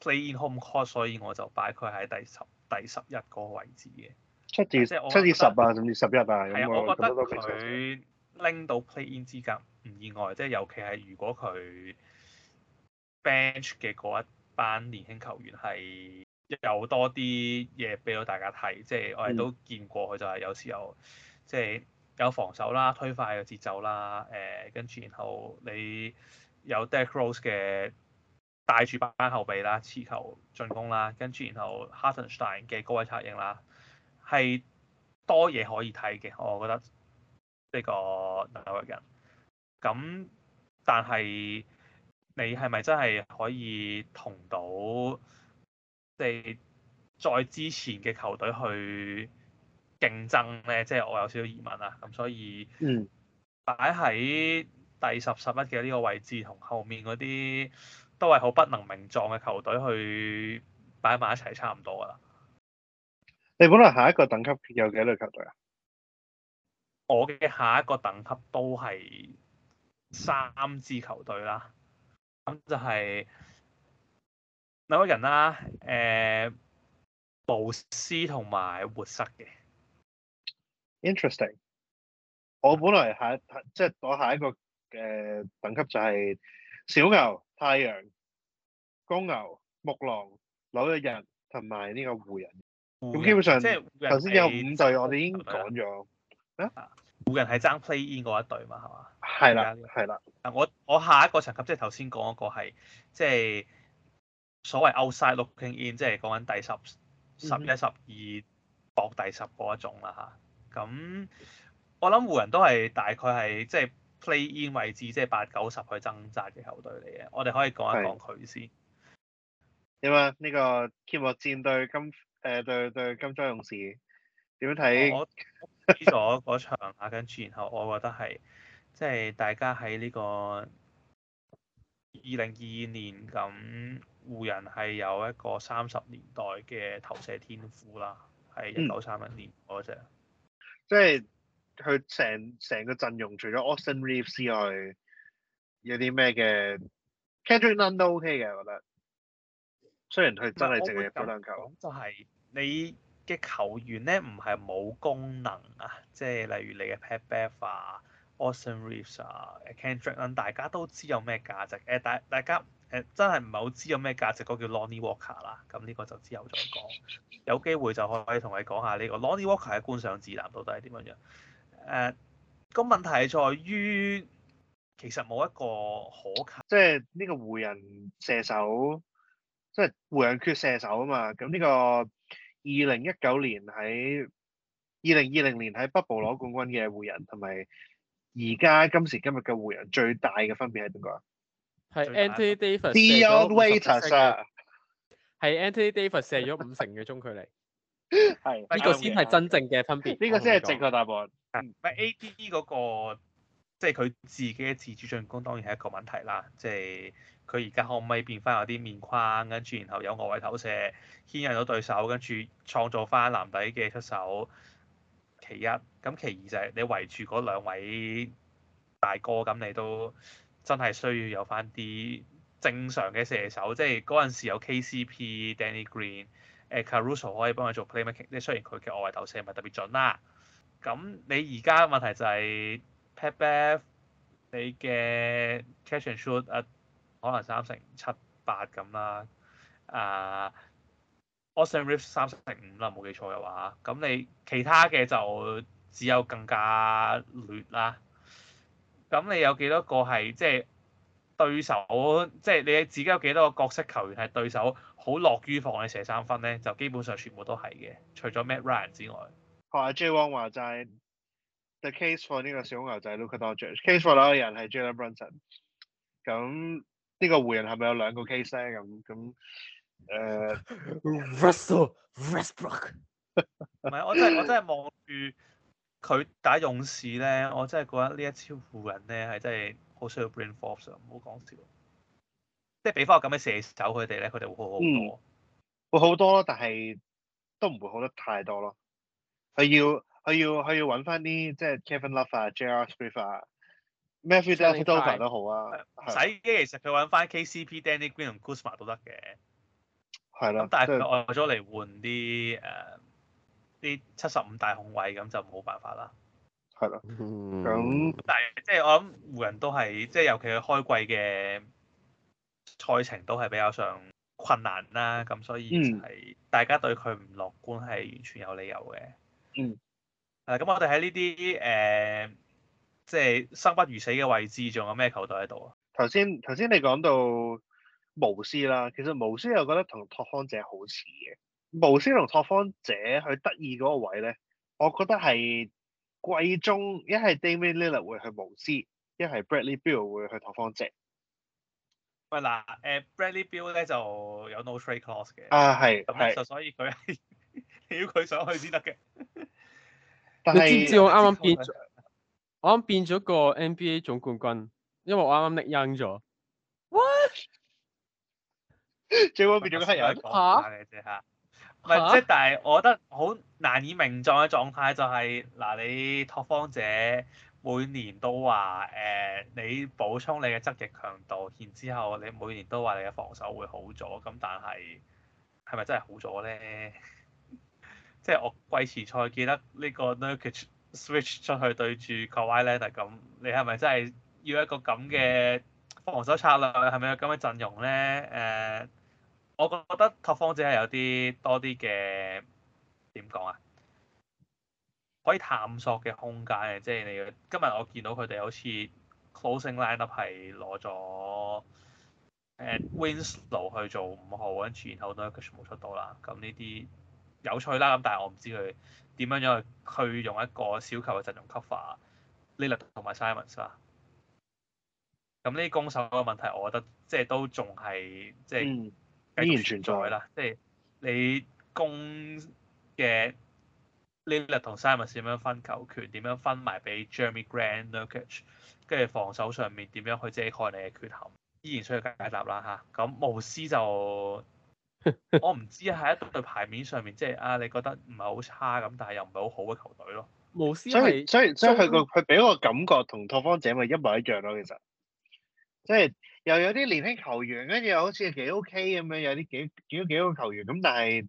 play-in home court，所以我就擺佢喺第十、第十一個位置嘅。七至即係我七至十啊，甚至十一啊咁啊！係，我覺得佢拎到 Play-In 資格唔意外，即係尤其係如果佢 bench 嘅嗰一班年輕球員係有多啲嘢俾到大家睇，即係我哋都見過佢就係有時候即係、嗯、有防守啦、推快嘅節奏啦，誒跟住然後你有 Derrick Rose 嘅帶住班後備啦、持球進攻啦，跟住然後 Hartenstein 嘅高位策應啦。係多嘢可以睇嘅，我覺得呢個能夠人咁，但係你係咪真係可以同到哋再之前嘅球隊去競爭咧？即係我有少少疑問啊！咁所以，嗯，擺喺第十十一嘅呢個位置，同後面嗰啲都係好不能名狀嘅球隊去擺埋一齊，差唔多噶啦。你本來下一個等級有幾多個球隊啊？我嘅下一個等級都係三支球隊啦，咁就係紐約人啦、啊，誒、呃，布斯同埋活塞嘅。Interesting，我本來下即係我下一個嘅、呃、等級就係小牛、太陽、公牛、木狼、紐約人同埋呢個湖人。咁基本上即係，頭先有五隊，嗯、我哋已經講咗吧啊。湖人係爭 play in 嗰一隊嘛，係嘛？係啦的，係啦的。啊，我我下一個層級，即係頭先講嗰個係，即、就、係、是、所謂 outside looking in，即係講緊第十、嗯、十一、十二搏第十嗰一種啦吓。咁、啊、我諗湖人都係大概係即係 play in 位置，即係八九十去掙扎嘅球隊嚟嘅。我哋可以講一講佢先。點啊？呢、這個揭幕戰隊咁。誒、呃、對對金州勇士點樣睇？ 我睇咗嗰場阿根廷，然後我覺得係即係大家喺呢個二零二二年咁，湖人係有一個三十年代嘅投射天賦啦，係一九三零年嗰隻。嗯、 即係佢成成個陣容，除咗 Austin Reeves 之外，有啲咩嘅 Kendrick Nunn 都 OK 嘅，我覺得。雖然佢真係淨係打兩球，咁就係、是、你嘅球員咧，唔係冇功能啊！即係例如你嘅 Pat Bev、啊、Austin Reeves、啊、Kendrick、啊、大家都知有咩價值。誒、呃，大大家誒、呃、真係唔係好知有咩價值嗰、那個叫 Lonnie Walker 啦。咁呢個就之後再講，有機會就可以同你講下呢、這個 Lonnie Walker 嘅觀賞指南到底係點樣樣。誒、呃，個問題在於其實冇一個可靠，即係呢個湖人射手。即係湖人缺射手啊嘛，咁呢個二零一九年喺二零二零年喺北部攞冠軍嘅湖人，同埋而家今時今日嘅湖人最大嘅分別係邊個啊？係 Anthony Davis 射咗五成嘅中距離，係呢 是個先係真正嘅分別。呢個先係正確答案。唔係 ATD 嗰個，即係佢自己嘅自主進攻當然係一個問題啦，即係。佢而家可唔可以變翻有啲面框，跟住然後有外圍投射牽引到對手，跟住創造翻籃底嘅出手？其一，咁其二就係你圍住嗰兩位大哥，咁你都真係需要有翻啲正常嘅射手，即係嗰陣時有 KCP、Danny Green、誒 Caruso 可以幫佢做 playmaker，即係雖然佢嘅外圍投射唔係特別準啦、啊。咁你而家嘅問題就係 Pat Bev 你嘅 catch and shoot 啊？可能三成七八咁啦，啊，Austin Reaves 三成五啦，冇記錯嘅話，咁你其他嘅就只有更加劣啦。咁你有幾多個係即係對手，即係你自己有幾多個角色球員係對手好樂於防你射三分咧？就基本上全部都係嘅，除咗 Matt Ryan 之外。阿 J. Wong 話齋 the case for 呢個小牛仔 Luka Doncic，case for 嗰個人係 Jalen Brunson。咁呢個湖人係咪有兩個 K 聲咁咁？誒、呃、 ，Russell Westbrook、ok、唔係， 我真係我真係望住佢打勇士咧，我真係覺得呢一超湖人咧係真係好需要 brain force 啊！唔好講笑，即係俾翻我咁嘅射手佢哋咧，佢哋會好好多、嗯，會好多，但係都唔會好得太多咯。佢要佢要佢要揾翻啲即係 Kevin Love 啊，JR Smith 啊。咩 free 都好啊，使機是其實佢揾翻 KCP、Danny Green 同 Kuzma 都得嘅，係啦。咁但係佢為咗嚟換啲誒啲七十五大控衛，咁就冇辦法啦。係啦的，咁、嗯、但係即係我諗湖人都係即係尤其佢開季嘅賽程都係比較上困難啦，咁所以係、就是嗯、大家對佢唔樂觀係完全有理由嘅。嗯。誒、啊，咁我哋喺呢啲誒。Uh, 即係生不如死嘅位置，仲有咩球隊喺度啊？頭先頭先你講到巫師啦，其實巫師，我覺得同拓荒者好似嘅。巫師同拓荒者，去得意嗰個位咧，我覺得係貴中一係 Damian Lillard 會去巫師，一係 Bradley Beal 會去拓荒者。喂嗱，誒、呃、Bradley Beal 咧就有 no trade clause 嘅、啊、係但。 啊係，就所以佢 要佢上去先得嘅。但 知唔知我啱啱變我啱變咗個 NBA 總冠軍，因為我啱啱搦贏咗。What？Jew 變咗個黑人化嘅啫嚇，唔係即係，啊、但係我覺得好難以名狀嘅狀態就係、是、嗱，你拓荒者每年都話誒、呃，你補充你嘅側翼強度，然之後你每年都話你嘅防守會好咗，咁但係係咪真係好咗咧？即 係我季前賽記得呢個 Nu switch 出去對住 Kawhi Leonard 咁，你係咪真係要一個咁嘅防守策略？係咪有咁嘅陣容咧？誒、uh，我覺得拓荒者係有啲多啲嘅點講啊，可以探索嘅空間即係、就是、你今日我見到佢哋好似 closing lineup 係攞咗誒、uh, Winslow 去做五號，跟住然後都冇出到啦，咁呢啲。有趣啦，咁但係我唔知佢點樣樣去用一個小球嘅陣容 cover Lillard 同埋 Simons 啦。咁呢啲攻守嘅問題，我覺得即係、就是、都仲係即係依然存在啦。即係你攻嘅 Lillard 同 Simons 點樣分球權，點樣分埋俾 Jerami Grant、Nurkic 跟住防守上面點樣去遮蓋你嘅缺陷，依然需要解答啦嚇。咁無師就～ 我唔知啊喺一對牌面上面，即係啊，你覺得唔係好差咁，但係又唔係好好嘅球隊咯。無私，所以所以所以佢佢俾我感覺同拓荒者咪一模一樣咯。其實即係又有啲年輕球員，跟住又好似幾 OK 咁樣，有啲幾幾幾個球員咁，但係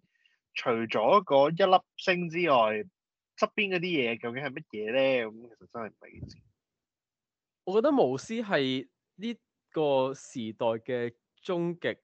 除咗嗰一粒星之外，側邊嗰啲嘢究竟係乜嘢咧？咁其實真係唔係幾知。我覺得無私係呢個時代嘅終極。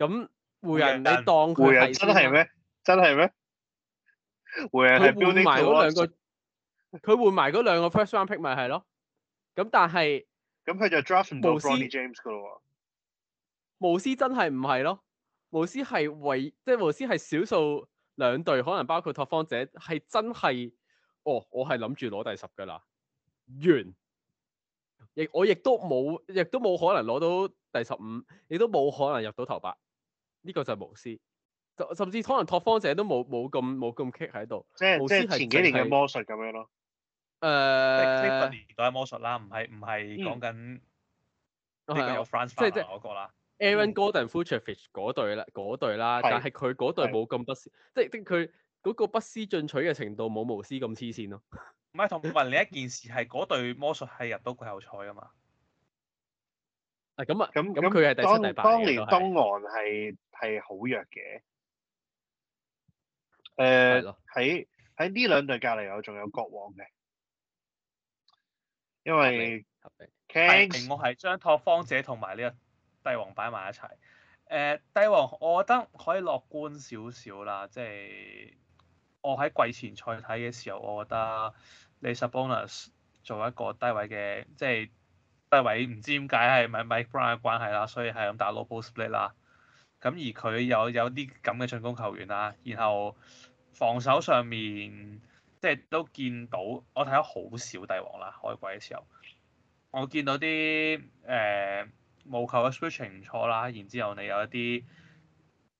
咁湖人但你當湖人真係咩？真係咩？湖人佢換埋嗰兩個，佢 換埋嗰兩個 first round pick 咪係咯？咁但係咁佢就 draft 唔到 Bronny James 噶咯喎。巫師，巫師真係唔係咯，巫師係為即係巫師係少數兩隊可能包括拓荒者係真係，哦我係諗住攞第十噶啦，完，亦我亦都冇，亦都冇可能攞到第十五，亦都冇可能入到頭八。呢個就係巫師，就甚至可能拓荒者都冇冇咁冇咁 k 喺度。即係即係前幾年嘅魔術咁樣咯。誒，前幾年代係魔術啦，唔係唔係講緊呢個有 Franz Wagner 嗰個啦。Aaron Gordon Future Fish 嗰隊啦，嗰隊啦，但係佢嗰隊冇咁不思，即係的佢嗰個不思進取嘅程度冇巫師咁黐線咯。唔係，同問你一件事係嗰隊魔術係入到季後賽啊嘛？啊咁啊，咁咁佢係第七第八嘅。當年東岸係。係好弱嘅，誒喺喺呢兩隊隔籬，有仲有國王嘅，因為平 K eng, 我係將拓荒者同埋呢個帝王擺埋一齊，誒、呃、帝王我覺得可以樂觀少少啦，即、就、係、是、我喺季前賽睇嘅時候，我覺得你 Sabonis 做一個低位嘅，即、就、係、是、低位唔知點解係咪 Mike Brown 嘅關係啦，所以係咁打 Low Post Split 啦。咁而佢有有啲咁嘅進攻球員啦、啊，然後防守上面即係都見到，我睇咗好少帝王啦，開季嘅時候，我見到啲誒、呃、無球嘅 switching 唔錯啦，然之後你有一啲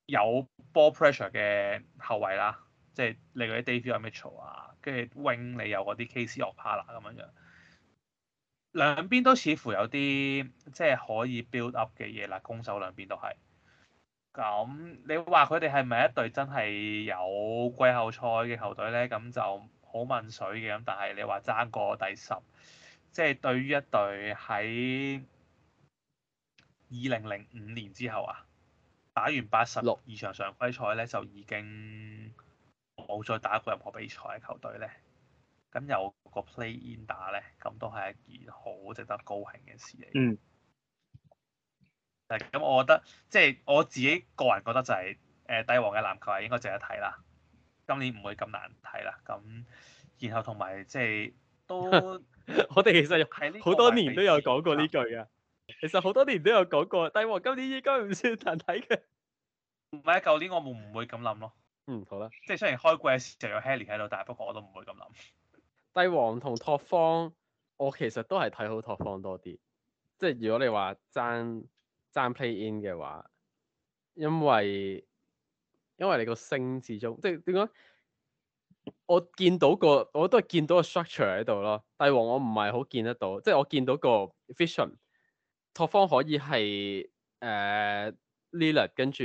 有波 pressure 嘅後衞啦，即係你嗰啲 David Mitchell 啊，跟住 wing 你有嗰啲 K.C. Oparna r 咁樣樣，兩邊都似乎有啲即係可以 build up 嘅嘢啦，攻守兩邊都係。咁你話佢哋係咪一隊真係有季後賽嘅球隊咧？咁就好問水嘅咁，但係你話爭過第十，即係對於一隊喺二零零五年之後啊，打完八十二場常規賽咧，就已經冇再打過任何比賽嘅球隊咧，咁由個 Play In 打咧，咁都係一件好值得高興嘅事嚟。嗯。誒，咁我覺得即係、就是、我自己個人覺得就係誒，帝王嘅籃球係應該值得睇啦。今年唔會咁難睇啦。咁然後同埋即係都， 我哋其實好多年都有講過呢句噶。 其實好多年都有講過，帝王今年應該唔算難睇嘅。唔係啊，舊年我冇唔會咁諗咯。 嗯，好啦。即係雖然開季嘅時就有 Hali 喺度，但係不過我都唔會咁諗。帝王同拓荒，我其實都係睇好拓荒多啲。即、就、係、是、如果你話爭。爭 play in 嘅話，因為因為你個星始終即係點講？我見到個我都係見到個 structure 喺度咯。帝王我唔係好見得到，即係我見到個 vision 拓荒可以係誒、呃、Lillard 跟住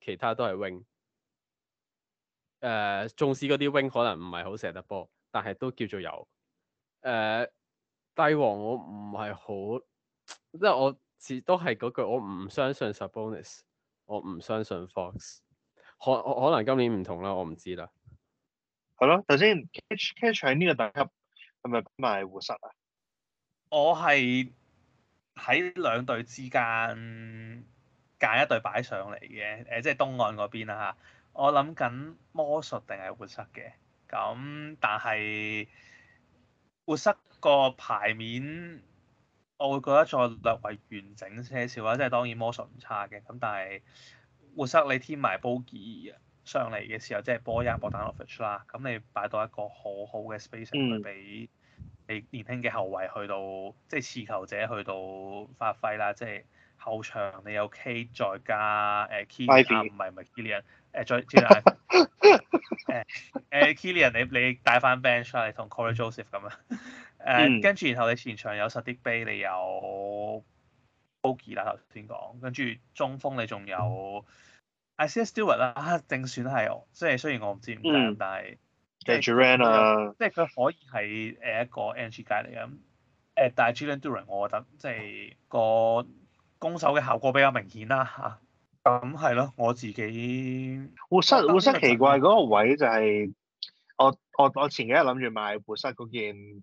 其他都係 wing、呃。誒，縱使嗰啲 wing 可能唔係好射得波，但係都叫做有。誒、呃，帝王我唔係好，即係我。都係嗰句，我唔相信 Sabonis，我唔相信 Fox。可我可能今年唔同啦，我唔知啦。係咯，頭先 Catch Catch 喺呢個等級係咪埋活塞啊？我係喺兩隊之間揀一隊擺上嚟嘅，誒即係東岸嗰邊啦嚇。我諗緊魔術定係活塞嘅，咁但係活塞個牌面。我會覺得再略為完整些少啦，即係當然魔術唔差嘅，咁但係活塞你添埋保爾上嚟嘅時候，即係波耶、博丹洛夫 itch 啦，咁你擺到一個好好嘅 spacing 去俾你年輕嘅後衞去到即係持球者去到發揮啦，即係後場你有 K 再加誒、啊 B ibi. 啊、k i l 唔係，唔係 Killian，誒、啊、再誒誒、啊啊啊啊、Killian，你你帶翻 bench 啦，你同 Corey Joseph 咁樣誒，嗯、跟住然後你前場有 Saddiq Bey，你有 Bogi 頭先講，跟住中鋒你仲有 Isaiah Stewart 啦，正選係，即係雖然我唔知點解，但係 Duren 啦，即係佢可以係誒一個 N G guy 嚟嘅，誒但係 Jalen Duren 我覺得即係個攻守嘅效果比較明顯啦、啊、嚇。咁係咯，我自己活塞活塞奇怪嗰個位就係、是、我我我，我前幾日諗住買活塞嗰件。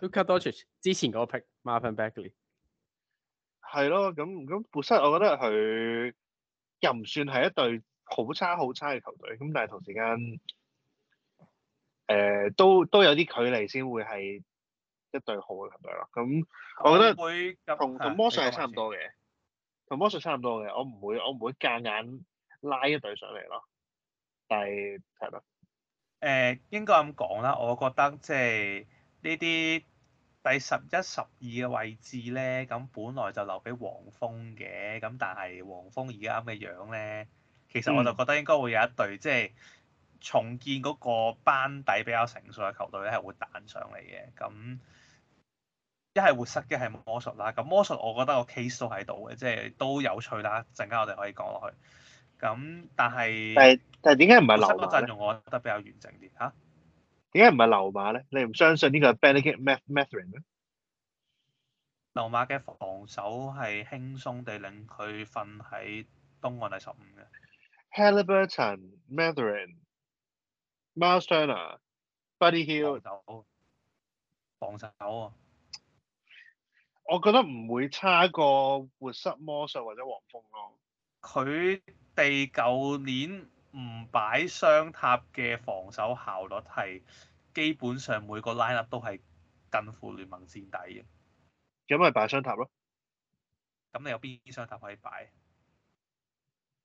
Ruka 之前嗰個 pick，Marvin Bagley 係咯，咁咁本身我覺得佢又唔算係一隊好差好差嘅球隊，咁但係同時間，誒，都都有啲距離先會係一隊好嘅球隊咯。咁，我覺得會同同魔術係差唔多嘅，同魔術差唔多嘅，我唔會我唔會夾硬拉一隊上嚟咯。但係，誒、呃，應該咁講啦，我覺得即係。呢啲第十一、十二嘅位置咧，咁本來就留俾黃蜂嘅，咁但係黃蜂而家咁嘅樣咧，其實我就覺得應該會有一隊、嗯、即係重建嗰個班底比較成熟嘅球隊咧，係會彈上嚟嘅。咁一係活塞嘅係魔術啦，咁魔術我覺得個 case 都喺度嘅，即係都有趣啦。陣間我哋可以講落去。咁但係但係但點解唔係溜馬？活塞陣容我覺得比較完整啲嚇。點解唔係溜馬咧？你唔相信呢個是 Bennedict Mathurin 咧？溜馬嘅防守係輕鬆地令佢瞓喺東岸第十五嘅。Haliburton、Mathurin、Myles Turner、Buddy Hield 防守啊！我覺得唔會差過活塞魔術或者黃蜂咯。佢哋舊年。唔擺雙塔嘅防守效率係基本上每個 lineup 都係近乎聯盟墊底嘅，咁咪擺雙塔咯。咁你有邊啲雙塔可以擺？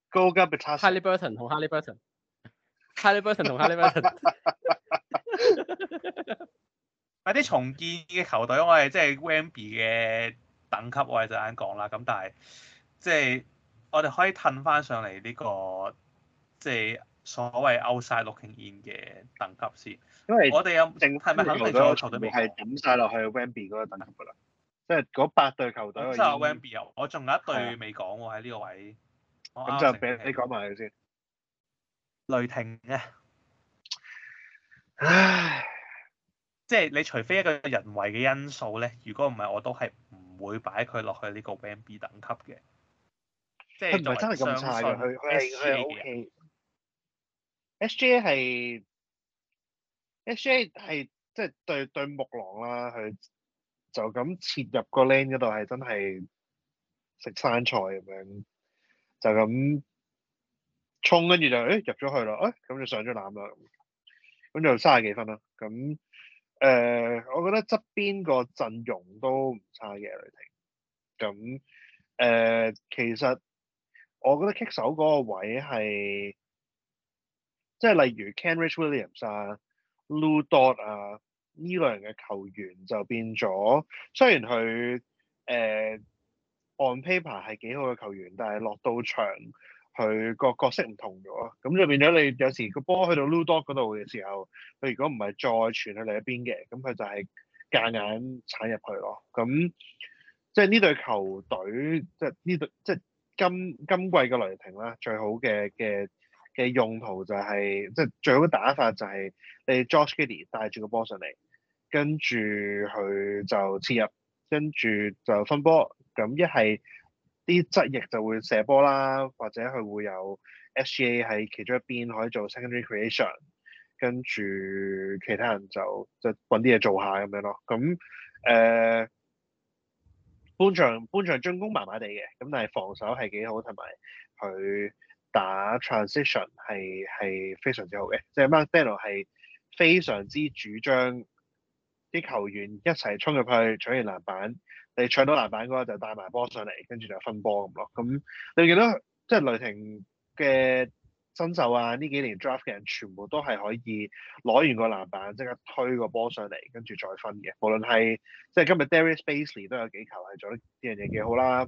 高加彼得、哈利伯頓同哈利伯頓、哈利伯頓同哈利伯頓。買 啲 重建嘅球隊，我哋即係 Wemby 嘅等級，我哋就啱講啦。咁但係即係我哋可以褪翻上嚟呢個。即係所謂 outside looking in 嘅等級先，因為政府、那個、我哋有正係咪肯定所有球隊係抌晒落去 Wemby 嗰個等級㗎啦？嗯、即係嗰八隊球隊。即就 Wemby 我仲有一隊未講喎，喺呢個位。咁、嗯、就俾你講埋佢先。雷霆啊！唉，即係你除非一個人為嘅因素咧，如果唔係，我都係唔會擺佢落去呢個 Wemby 等級嘅。佢唔係真係咁差㗎，佢佢係 OK。S.GA 係 S.GA 係即係對對木狼啦，佢就咁切入個 lane 嗰度，係真係食生菜咁樣，就咁衝就，跟住就誒入咗去啦，誒、哎、咁就上咗籃啦，咁就三十幾分啦。咁誒、呃，我覺得側邊個陣容都唔差嘅雷霆。咁誒、呃，其實我覺得棘手嗰個位係即係例如 Kenrich Williams 啊，Lu Dort 啊，呢類型嘅球員就變咗。雖然佢誒、呃、on paper 係幾好嘅球員，但係落到場，佢個角色唔同咗。咁就變咗你有時個波去到 Lu Dort 嗰度嘅時候，佢如果唔係再傳去另一邊嘅，咁佢就係夾硬鏟入去咯。咁即係呢隊球隊，即係呢隊即係今今季嘅雷霆啦，最好嘅嘅嘅用途就係、是、即係最好打法就係你 Josh Giddey 帶住個波上嚟，跟住佢就切入，跟住就分波。咁一係啲側翼就會射波啦，或者佢會有 SGA 喺其中一邊可以做 secondary creation，跟住其他人就就搵啲嘢做下咁樣咯。咁誒半場半場進攻麻麻地嘅，咁但係防守係幾好，同埋佢打 transition 係係非常之好嘅，即係 McDonald 係非常之主張啲球員一齊衝入去搶完籃板，你搶到籃板嗰個就帶埋波上嚟，跟住就分波咁咯。咁你見到即係雷霆嘅新秀啊，呢幾年 draft 嘅人全部都係可以攞完個籃板即刻推個波上嚟，跟住再分嘅。無論係即係今日 Darius Bazley 都有幾球係做得呢樣嘢幾好啦。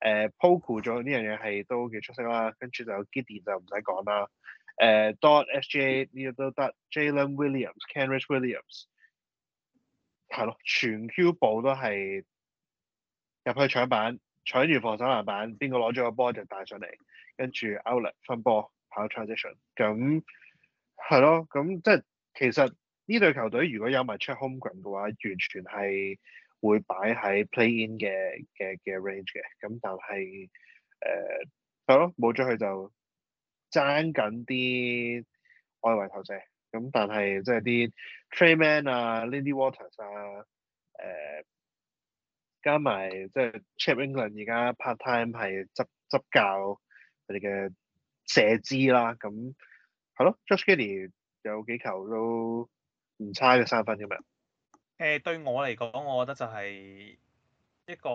誒 p o 咗呢樣嘢係都幾出色啦，跟住就 Giddy 就唔使講啦。誒、uh, Dort、SGA 呢個都得，Jalen Williams、Kenrich Williams 係咯，全 Q 部都係入去搶板，搶完防守籃板，邊個攞咗個波就帶上嚟，跟住 Outlet 分波跑 transition。咁係咯，咁即係其實呢隊球隊如果有埋 Chet Holmgren 嘅話，完全係。會擺喺 play in 嘅嘅嘅 range 嘅，咁但係誒係咯，冇咗佢就爭緊啲外圍投射，咁但係即係、就、啲、是、Trayman 啊、Lindy Waters 啊，誒、呃、加埋即係、就是、Chip England 而家 part time 係執執教佢哋嘅射姿啦，咁係咯，Josh Giddey 有幾球都唔差嘅三分嘅嘛。誒對我嚟講，我覺得就係一個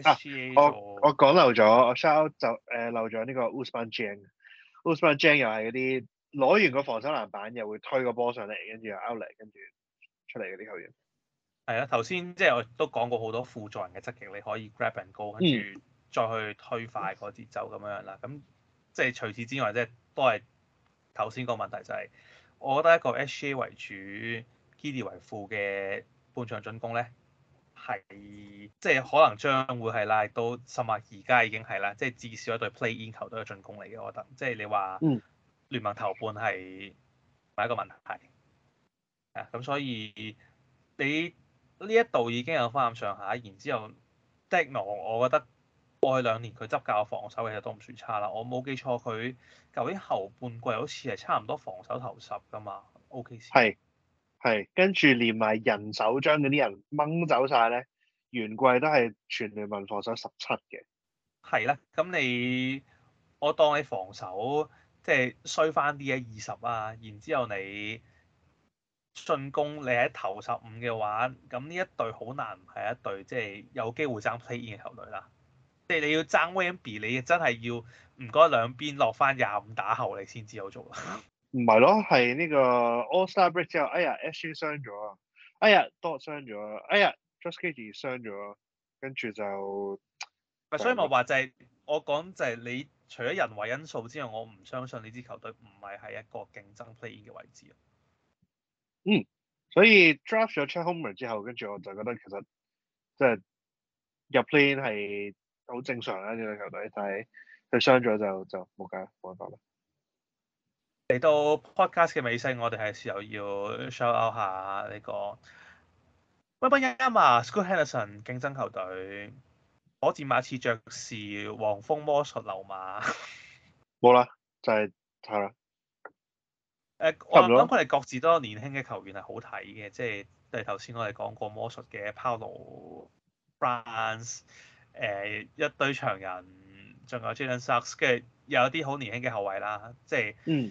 SGA、啊。我我講漏咗，我 shout out 就誒漏咗呢個 Ousmane Dieng。Ousmane Dieng 又係嗰啲攞完個防守籃板又會推個波上嚟，跟住 out 嚟，跟住出嚟嗰啲球員。係啊，頭先即係我都講過好多輔助人嘅側擊，你可以 grab and go，跟住再去推快個節奏咁、嗯、樣啦。咁即係除此之外，即係都係頭先個問題就係、是，我覺得一個 SGA 為主。基迪為副嘅半場進攻咧，係即係可能將會係拉到，甚至而家已經係啦，即係至少一隊 play in 球隊嘅進攻嚟嘅。我覺得，即係你話聯盟頭半係係一個問題，係咁、嗯、所以你呢一度已經有翻咁上下，然之後迪諾，我覺得過去兩年佢執教防守其實都唔算差啦。我冇記錯，佢究竟後半季好似係差唔多防守頭十噶嘛，OK 先。係。係，跟住連埋人手將嗰啲人掹走晒。咧，元桂都係全聯盟防守十七嘅。係啦，咁你我當你防守即係、就是、衰翻啲啊二十啊，然之後你進攻你喺頭十五嘅話，咁呢一隊好難係一隊即係、就是、有機會爭 Play In 嘅球隊啦。即係你要爭 Wemby 你真係要唔該兩邊落翻廿五打後，你先至有做。唔係咯，係呢個 All Star Break 之後，哎呀，S C 傷咗哎呀，Dot 傷咗，哎呀 Josh、哎、Giddey 傷咗，跟住就，咪所以咪話就係、是、我講就係你除咗人為因素之外，我唔相信呢支球隊唔係喺一個競爭 Play In 嘅位置嗯，所以 draft 咗 Chet Holmgren 之後，跟住我就覺得其實即係入 Play In 係好正常啦。呢隊球隊，但係佢傷咗就傷就冇計啦，冇辦法啦。嚟到 podcast 嘅尾聲，我哋係時候要 show out 下呢、這個 Wemby 一啊，Scoot Henderson 競爭球隊，火箭、馬刺、爵士、黃蜂、魔術、溜馬，冇啦，就係睇啦。誒、呃，我諗佢哋各自都年輕嘅球員係好睇嘅，即係例如頭先我哋講過魔術嘅 Paolo、Franz 誒一堆長人，仲有 Jalen Suggs 跟住又有啲好年輕嘅後衛啦，即係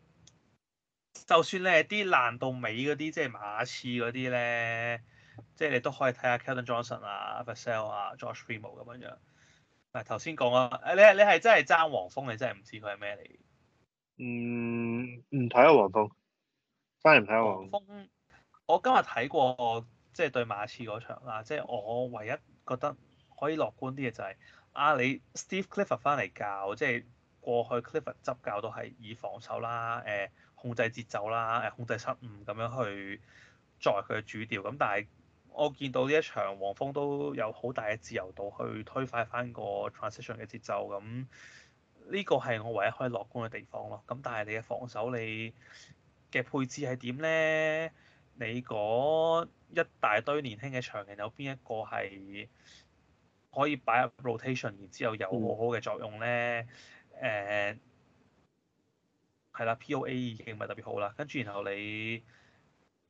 就算你係，啲爛到尾嗰啲，即係馬刺嗰啲咧，即係你都可以睇下 Keldon Johnson 啊、Vassell 啊、Josh Primo 咁樣。嗱頭先講啊，Ge orge 你你係真係爭黃蜂，你真係唔知佢係咩嚟。唔唔睇啊，黃蜂。真係唔睇啊，黃蜂。我今日睇過即係、就是、對馬刺嗰場啦，即、就、係、是、我唯一覺得可以樂觀啲嘅就係、是、啊，你 Steve Clifford 翻嚟教，即、就、係、是、過去 Clifford 執教都係以防守啦，誒、呃。呃控制節奏啦，誒控制失誤咁樣去作為佢嘅主調咁，但係我見到呢一場黃蜂都有好大嘅自由度去推快返個 transition 嘅節奏，咁呢個係我唯一可以樂觀嘅地方咯。咁但係你嘅防守你嘅配置係點咧？你嗰一大堆年輕嘅場人有邊一個係可以擺入 rotation，然之後有好好嘅作用咧？誒、嗯。係啦，P.O.A. 已經唔係特別好啦。跟住然後你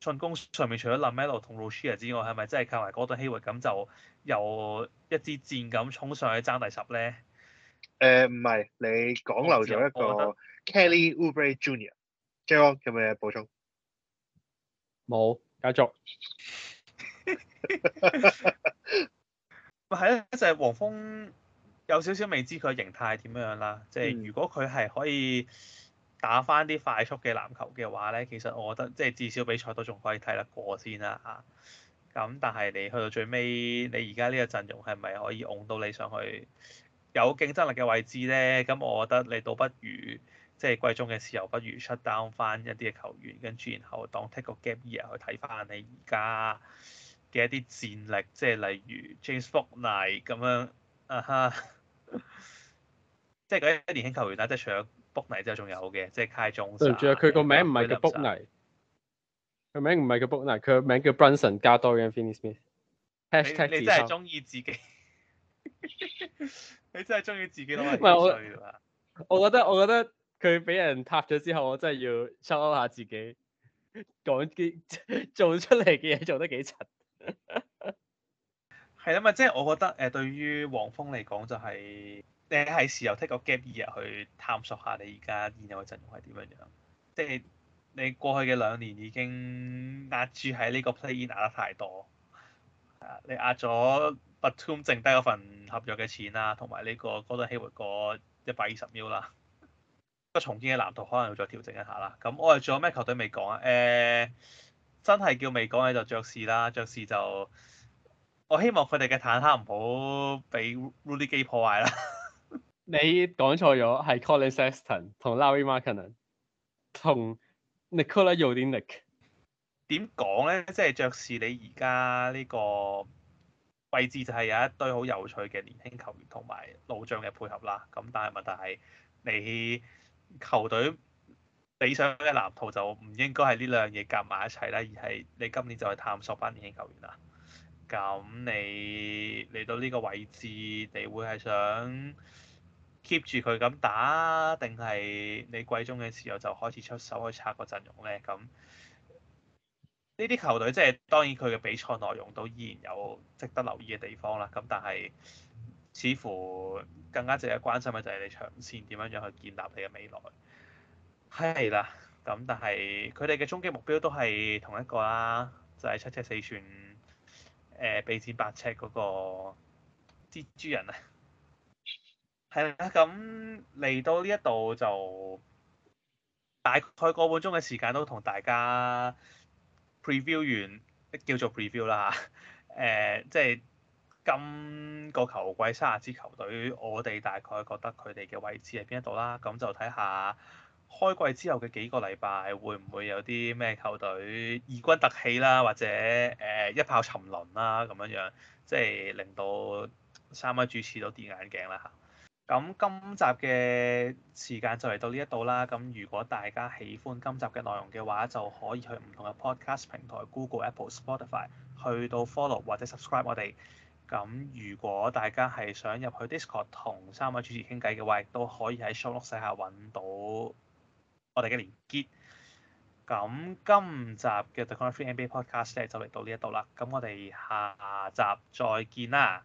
進攻上面除咗 LaMelo 同羅希亞之外，係咪真係靠埋嗰對 Hayward 咁就有一支箭咁衝上去爭第十咧？誒、呃，唔係你講漏咗一個 Kelly Oubre Junior。Ub j ong, 有咩嘢補充？冇，繼續。咪係咯，即係黃蜂有少少未知佢嘅形態係點樣樣啦。即係如果佢係可以。打翻啲快速嘅籃球嘅話咧，其實我覺得即係至少比賽都仲可以睇得過先啦、啊、嚇。咁但係你去到最尾，你而家呢個陣容係咪可以攬到你上去有競爭力嘅位置咧？咁我覺得你倒不如即係季中嘅時候不如出單翻一啲嘅球員，跟住然後當 take 個 gap year 去睇翻你而家嘅一啲戰力，即係例如 James 福尼咁樣啊哈， 即係嗰啲年輕球員啦，即係除咗。b 卜泥之後仲有嘅，即係 Kai Jones。仲有佢個名唔係叫，叫，叫，叫 b 卜泥，佢名唔係叫 b 卜泥，佢名叫 Brunson 加多嘅。Infinities，你真係中意自己， 你真係中意自己我，我覺得我覺得佢俾人踏咗之後，我真係要收下自己，講啲做出嚟嘅嘢做得幾柒 係啊，嘛，即係我覺得誒，對於黃蜂嚟講就係、是。你係時候 take 個 gap 二日去探索下你而家現有嘅陣容係點樣樣？即係你過去嘅兩年已經壓住喺呢個 play in 壓得太多，你壓咗 Batum 剩低嗰份合約嘅錢、啊、啦，同埋呢個 Gordon Hayward 個一百二十秒啦，個重建嘅藍圖可能要再調整一下啦。咁我哋仲有咩球隊未講啊？誒、欸，真係叫未講你就爵士啦，爵士就我希望佢哋嘅坦克唔好俾 Rudy Gay 破壞啦。你講錯咗，係 Collin Sexton 同 Lauri Markkanen 同 Nicola Rudnick。點講咧？即係爵士，你而家呢個位置就係有一堆好有趣嘅年輕球員同埋老將嘅配合啦。咁但係問題係你球隊理想嘅藍圖就唔應該係呢兩嘢夾埋一齊咧，而係你今年就去探索班年輕球員啊。咁你嚟到呢個位置，你會係想？keep 住佢咁打，定係你季中嘅時候就開始出手去拆個陣容咧？咁呢啲球隊即係當然佢嘅比賽內容都依然有值得留意嘅地方啦。咁但係似乎更加值得關心嘅就係你長線點樣樣去建立你嘅未來。係啦，咁但係佢哋嘅終極目標都係同一個啦，就係七尺四寸誒臂展八尺嗰個蜘蛛人啊！係啦，咁嚟到呢一度就大概個半鐘嘅時,時間，都同大家 preview 完叫做 preview 啦嚇。即、呃、係、即係、今個球季卅支球隊，我哋大概覺得佢哋嘅位置喺邊一度啦。咁就睇下開季之後嘅幾個禮拜，會唔會有啲咩球隊異軍突起啦，或者誒、呃、一炮沉淪啦，咁樣樣即係令到三位主持都跌眼鏡啦嚇。咁今集嘅時間就嚟到呢一度啦。咁如果大家喜歡今集嘅內容嘅話，就可以去唔同嘅 podcast 平台，Google、Apple、Spotify，去到 follow 或者 subscribe 我哋。咁如果大家係想入去 Discord 同三位主持傾偈嘅話，亦都可以喺 show notes 下揾到我哋嘅連結。咁今集嘅 The Corner Three NBA Podcast 就嚟到呢一度啦。咁我哋下集再見啦。